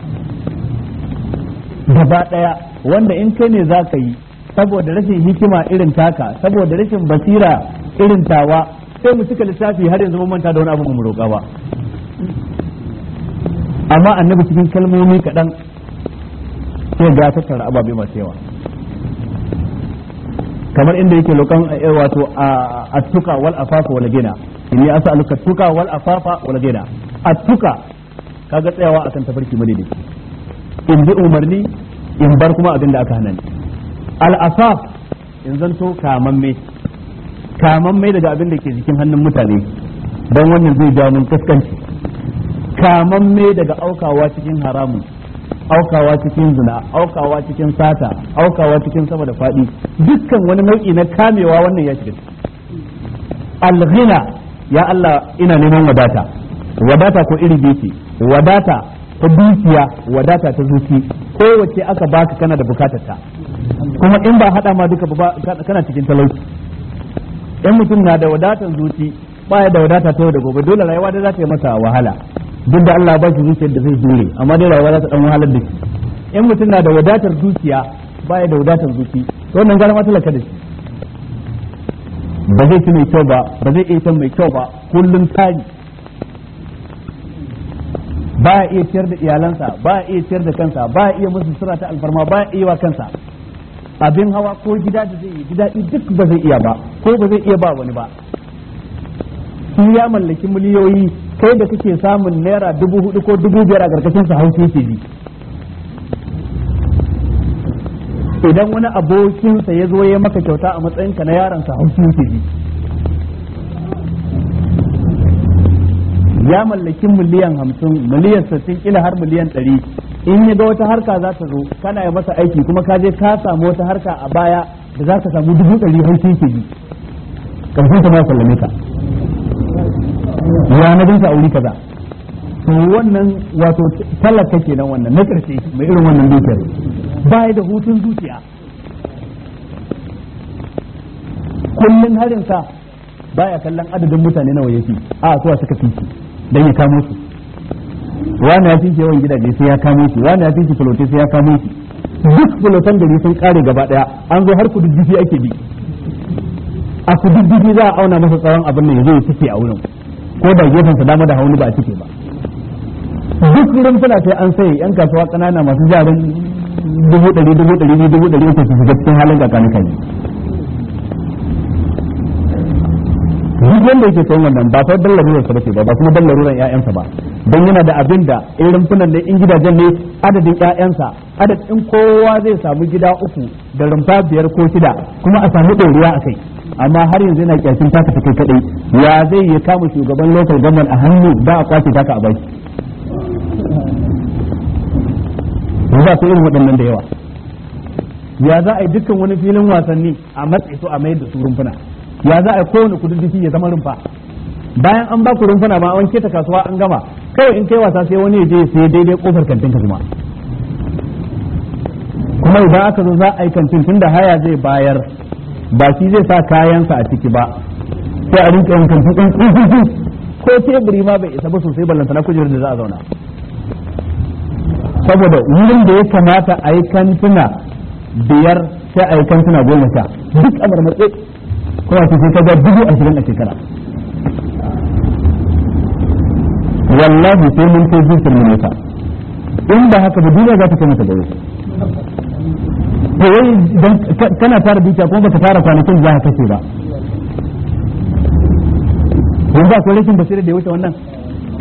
gaba daya wanda in kai ne zaka yi saboda rashin hikima irin taka saboda rashin basira irin tawa sai mu cika lissafi har yanzu mun manta da wani abu mu roƙa ba amma annabi cikin kalmomi kaɗan sai ga tattara ababe masu yawa kamar inda yake lokan eh, wato attuka wal afafa wal gina inni as'aluka tuka wal afafa wal gina attuka kaga tsayawa akan tafarki madidi in bi umarni in bar kuma abin da aka hana al asaf in zanto kamamme mai daga abin da ke jikin hannun mutane don wannan zai ja mun kaskanci mai daga aukawa cikin haramun aukawa cikin zina aukawa cikin sata aukawa cikin sama da faɗi dukkan wani nau'i na kamewa wannan ya shiga alghina ya Allah ina neman wadata wadata ko iri biyu wadata ta dukiya wadata ta zuci kowace aka baka kana da bukatarta kuma in ba hada ma duka ba kana cikin talauci in mutum na da wadatar zuci ya da wadata ta yau da gobe dole rayuwa da za ta yi masa wahala duk da Allah ba shi zuciyar da zai jure amma dai rayuwa za ta dan wahalar da shi in mutum na da wadatar zuciya ya da wadatar zuci to wannan gara ma talaka da shi ba zai ci mai kyau ba ba zai iya mai kyau ba kullum tari ba iya ciyar da iyalansa ba iya ciyar da kansa ba iya musu sura ta alfarma ba iya wa kansa abin hawa ko gida da zai yi gida duk ba zai iya ba ko ba zai iya ba wani ba shi ya mallaki miliyoyi kai da kake samun naira dubu hudu ko dubu biyar a karkashin sa hausa ke bi idan wani abokinsa ya zo ya maka kyauta a matsayinka na yaron sa hausa ke bi ya mallaki miliyan hamsin miliyan sassin ila har miliyan ɗari in ya ga wata harka za ta zo kana yi masa aiki kuma ka je ka samu wata harka a baya da za ka samu dubu ɗari har sai ke yi ƙarfin ta ma sallame ka ya na ka auri kaza to wannan wato ke kenan wannan na ƙarshe mai irin wannan dukiyar baya da hutun zuciya kullun harin sa baya kallon adadin mutane nawa yake a suwa suka fi dan ya kamo su wani ya fi shi yawan gidaje sai ya kamo shi wani ya fi shi fulote sai ya kamo shi duk fulotan da sun kare gaba daya an zo har kududdufi ake bi a kududdufi za a auna masa tsawon abin nan ya zo ya cike a wurin ko da gefen sa dama da hauni ba a cike ba duk rumfuna sai an sai yan kasuwa kanana masu jarin dubu ɗari dubu ɗari biyu dubu ɗari uku su shiga cikin halin kakanika ne duk wanda yake sayan wannan ba sai dan larurar sa ba ba kuma dan larurar ƴaƴansa ba don yana da abin da irin funan ne in gidajen ne adadin ƴaƴansa adadin kowa zai samu gida uku da rumfa biyar ko shida kuma a sami ɗoriya a kai amma har yanzu yana kyashin taka take kaɗai ya zai ya kama shugaban local government a hannu ba a kwace taka a baki za su irin waɗannan da yawa ya za a yi dukkan wani filin wasanni a matse su a mayar su rumfuna ya za a yi kowane ya zama rumfa bayan an ba ku rumfuna ma an ta kasuwa an gama kawai in kai wasa sai wani ya je sai daidai kofar kantin ka kuma kuma idan aka zo za a yi kantin tunda haya zai bayar ba shi zai sa kayansa a ciki ba sai a rinka yin kantin ɗin ko teburi ma bai isa ba sosai ballanta na kujerar da za a zauna saboda wurin da ya kamata a yi kantuna biyar sai a yi kantuna goma sha duk a marmatse kuma su sai ta ga dubu ashirin a shekara wallahi sai mun ta jinsin mu mota in ba haka ba duniya za ta kai mata da wuta to wai dan kana fara dukiya kuma baka tara kwanakin za ka kace ba ko ba ko rashin basira da wuta wannan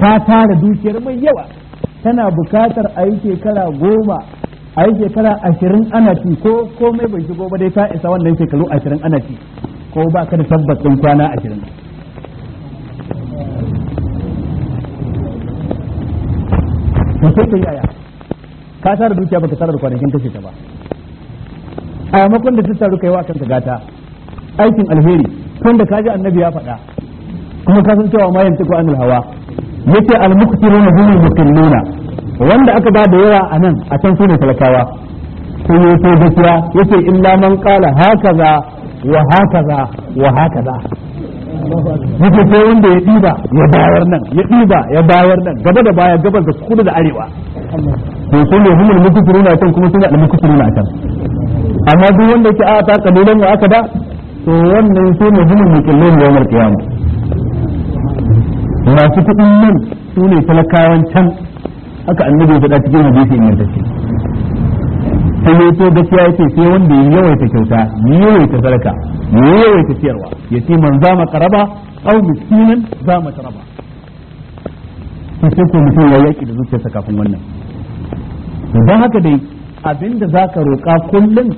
ka tara dukiyar mai yawa tana bukatar a yi shekara goma a yi shekara ashirin ana ci ko komai bai shigo ba dai ta isa wannan shekaru ashirin ana ci ko ba ka da tabbas kwana ashirin to sai yi aya. ka tara dukiya baka tara kwanakin kashe ta ba a yamakon da ta taru yi wa kanka gata aikin alheri wanda ka ji annabi ya faɗa kuma ka san cewa mayan yantiku anil hawa yace al muqtiruna hum al wanda aka ba da yawa anan a can sune talakawa sai yace gaskiya yace illa man qala hakaza wa hakaza wa hakaza yake sai wanda ya ɗiba ya bayar nan ya ɗiba ya bayar nan gaba da baya gaba da kudu da arewa to sun ne humul mukufiruna can kuma suna da na can amma duk wanda yake a ta kalilan wa aka da to wannan sai muku humul ya yawmal qiyamah masu kudin nan su ne talakawan can aka annabi ya faɗa cikin hadisi ingantacce fayyato gaskiya ce sai wanda ya yawaita kyauta yawaita sadaka yawaita ciyarwa yace man zama qaraba aw miskinan zama qaraba to sai ko mutum ya yaki da zuciyarsa kafin wannan don haka dai abinda za ka roƙa kullum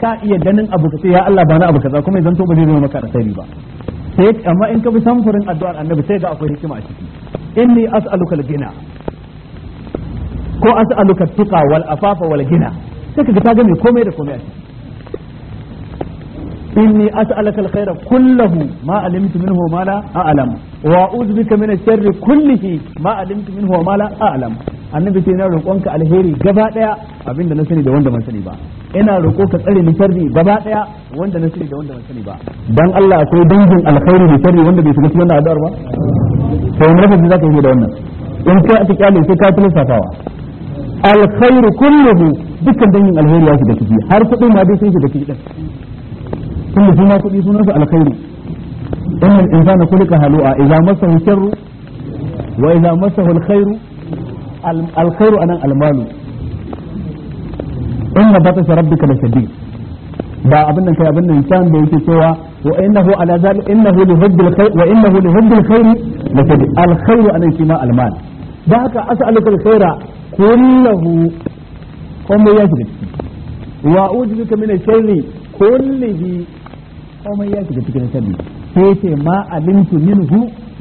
ka iya ganin abu ka ya Allah ba na abu kaza kuma idan to ba zai zama maka alkhairi ba sai amma in ka bi samfurin addu'ar annabi sai ga akwai hikima a ciki inni as'aluka al gina. ko as'aluka tuqa wal afafa wal gina. sai kaga ta ga mai komai da komai a ciki inni as'alaka alkhaira kullahu ma alimtu minhu ma la a'lam wa a'udhu bika min sharri kullihi ma alimtu minhu wa ma la a'lam annabi sai na roƙonka alheri gaba daya abinda na sani da wanda ban sani ba ina roƙo ka tsare ni sharri gaba daya wanda na sani da wanda ban sani ba dan Allah akwai dangin alkhairi da sharri wanda bai shiga cikin wannan addu'ar ba to mun rafa zaka yi da wannan in kai a tikali sai ka tilasta kawa alkhairu kulluhu dukkan dangin alheri ya shiga ciki har kuɗin ma dai sun shiga ciki din kullu suna kuɗi sunansa alkhairu inna al-insana khuliqa halu'a idza massahu sharru wa idza massahu alkhairu alkhairu anan almalu inna batasha rabbika lashadid ba abin nan kai abin nan san da yake cewa wa innahu ala zal innahu li hubbil khair wa innahu li hubbil khair lashadid alkhairu anan shi ma almal da haka as'aluka alkhaira كله قم ya shiga ciki الشر كله قم min sharri kullihi كيف ya shiga منه وما لا ce ma alimtu minhu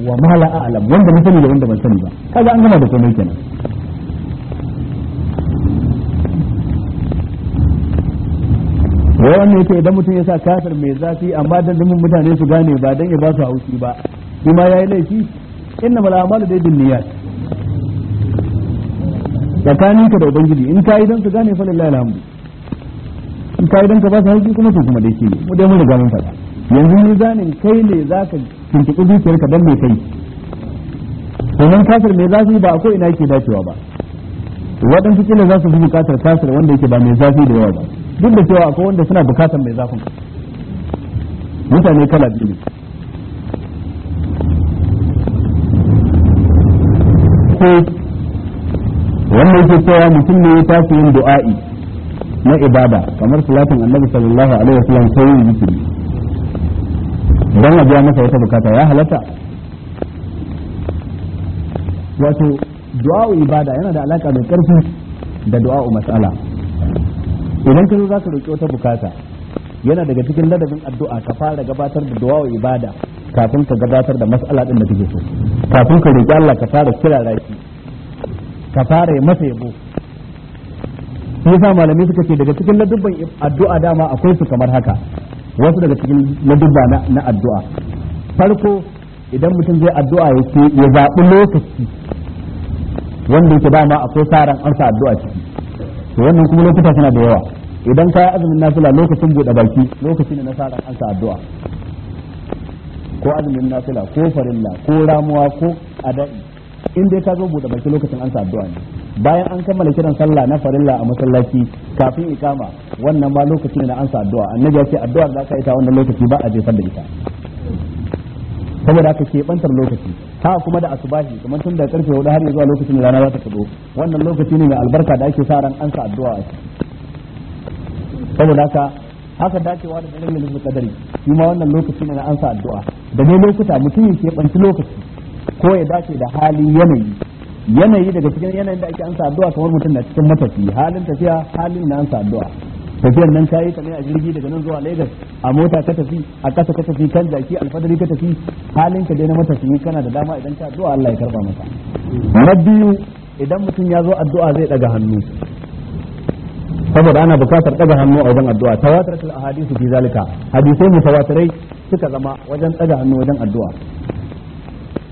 wa ma a'lam wanda na sani da wanda ban sani komai kenan wannan yake idan mutum ya sa kafir mai zafi amma dan dumin mutane su gane ba dan ya ba su haushi ba kuma ma yayi laifi inna mal a'malu bi tsakaninka da ubangiji in ka yi don su gane fa lillahi alhamdu in ka yi don ka ba su haƙi kuma to kuma dai shi ne mu dai mun riga mun faɗa yanzu ni zanin kai ne za ka tuntuɓi zuciyarka don mai kai domin kafir mai zafi ba a ko ina yake dacewa ba waɗansu kila za su fi buƙatar kafir wanda yake ba mai zafi da yawa ba duk da cewa akwai wanda suna buƙatar mai zafin mutane kala biyu ne ko wannan yake cewa mutum ne ya tashi yin du'a'i na ibada kamar salatin annabi sallallahu alaihi wasallam sai yin zikiri dan ya masa wata bukata ya halatta wato du'a'u ibada yana da alaka mai karfi da du'a'u mas'ala idan ka zo za ka roki wata bukata yana daga cikin ladabin addu'a ka fara gabatar da du'a'u ibada kafin ka gabatar da mas'ala din da kake so kafin ka roki Allah ka fara kira shi ka fara masa yabo sa malamai suka ce daga cikin ladubban addu'a dama akwai su kamar haka wasu daga cikin ladubba na addu'a farko idan mutum zai addu'a yake ya zaɓi lokaci wanda yake dama akwai tsarin ansa addu'a ciki to wannan kuma lokuta suna da yawa idan ka yi azumin nasila lokacin buɗe baki lokaci ne na tsarin ansa addu'a ko azumin nafila ko farilla ko ramuwa ko ada'i in dai ka zo buɗe baki lokacin an addu'a ne bayan an kammala kiran sallah na farilla a masallaci kafin ikama wannan ma lokaci ne na an addu'a annabi ya ce addu'ar da aka yi ta wannan lokaci ba a je da ita saboda haka ke bantar lokaci ha kuma da asubahi kamar tun da karfe hudu har zuwa lokacin rana za ta fito wannan lokaci ne mai albarka da ake sa ran an sa addu'a a saboda haka haka dacewa da dalilin da kadari shi ma wannan lokaci ne na an sa addu'a da dai lokuta mutum ke banci lokaci ko ya dace da hali yanayi yanayi daga cikin yanayin da ake ansa addu'a kamar mutum na cikin matafi halin tafiya halin na ansa addu'a tafiyar nan yi ta ne a jirgi daga nan zuwa Lagos a mota ka tafi a kasa ka tafi kan jaki alfadari ka tafi halin ka dai na matafi kana da dama idan ka addu'a Allah ya karba maka na biyu idan mutum ya zo addu'a zai daga hannu saboda ana bukatar daga hannu a wajen addu'a tawatar ahadisu fi zalika hadisai mutawatirai suka zama wajen daga hannu wajen addu'a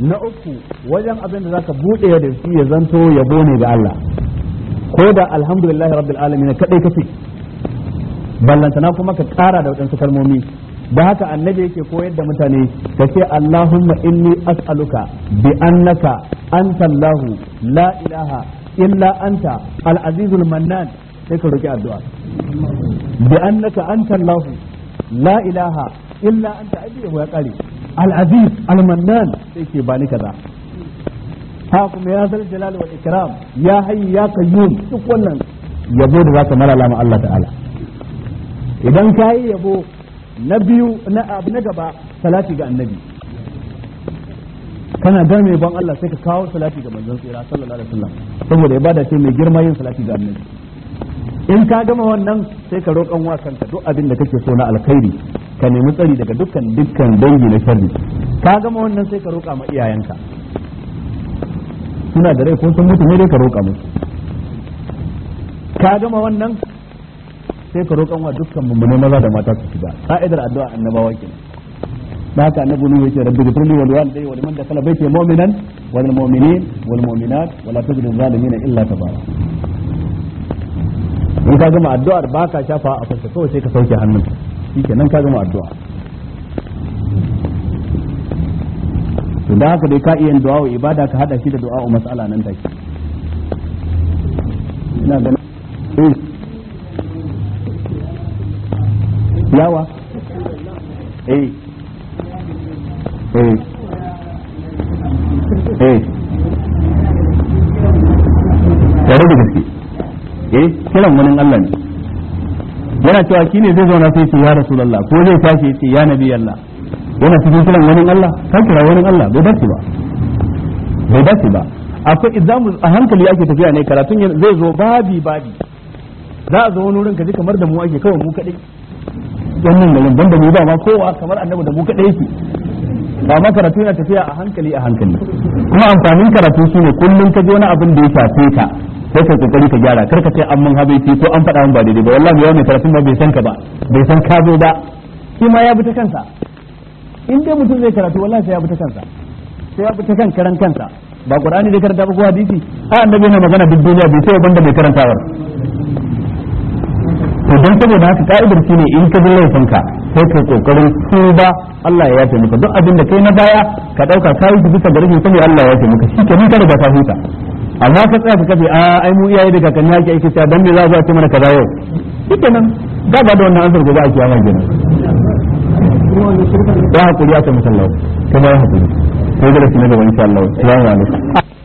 na uku wajen abin da zaka buɗe da shi ya zanto yabo ne ga Allah ko da alhamdulillahi rabbil alamin kadai kace na kuma ka kara da waɗansu kalmomi da haka annabi yake koyar da mutane ka ce Allahumma inni as'aluka bi annaka anta Allahu la ilaha illa anta al-azizul mannan sai ka roki addu'a bi annaka anta Allahu la ilaha illa anta ajiye ya kare al'aziz almannan sai ke bani kaza ha kuma ya zal jalal wa ikiram ya hayyu ya qayyum duk wannan yabo da zaka marala ma Allah ta'ala idan ka yi yabo na biyu na abu na gaba salati ga annabi kana ga mai ban Allah sai ka kawo salati ga manzon tsira sallallahu alaihi wasallam saboda ibada ce mai girma yin salati ga annabi in ka gama wannan sai ka roƙan wa duk abin da kake so na alkhairi ka nemi tsari daga dukkan dukkan dangi na sharri ka gama wannan sai ka roƙa ma iyayenka suna da rai ko sun mutu ne dai ka roƙa musu ka gama wannan sai ka roƙan wa dukkan mummune maza da mata su shiga ka'idar addu'a annabawa kenan da haka annabi ne yake rabbi gifirli wal walidayya wa liman dakhala baiti mu'minan wal mu'minin wal mu'minat wa la tajidu zalimin illa tabara in ka gama addu'ar baka shafa a kanka kawai sai ka sauke hannunka nan ka gama addu'a to da haka dai ka iya du'a ibada ka hada shi da du'a mas'ala nan take ina eh yawa eh eh eh tare da gaske eh kiran wani Allah ne yana cewa shine zai zauna sai ce ya rasulullah ko zai tashi ya ce ya nabi Allah yana cikin kiran wani Allah kan kira wani Allah bai dace ba bai dace ba akwai idan a hankali ake tafiya ne karatun zai zo babi babi za a zo wani wurin ka ji kamar da mu ake kawai mu kadai nan garin banda mu ba ma kowa kamar annabi da mu kadai yake ba ma karatu yana tafiya a hankali a hankali kuma amfanin karatu shine kullun ka ji wani abin da ya shafe ka sai ka kokari ka gyara ka ce an mun habaici ko an faɗa mun ba daidai ba wallahi yau mai karatun ma bai san ka ba bai san ka zo ba shi ma ya bi ta kansa in dai mutum zai karatu wallahi sai ya bi ta kansa sai ya bi ta kan karan kansa ba qur'ani da karanta ba ko hadisi a annabi yana magana duk duniya bai sai banda mai karantawar to dan saboda haka ka'idar shi ne in ka ji laifin ka sai ka kokarin ba Allah ya yafe maka duk abin da kai na baya ka dauka kai bisa ga rashin sani Allah ya yafe maka shi kenan ka riga ta huta amma ka tsaya ka kafe a ah, ai mu iyaye da kakanni ake aiki ta dan me za a ce mana kaza yau shikenan ga ba da wannan ansar gobe a kiyama kenan ya hakuri a ta musallau kuma ya hakuri ko da su ne da wani sallau salamu alaikum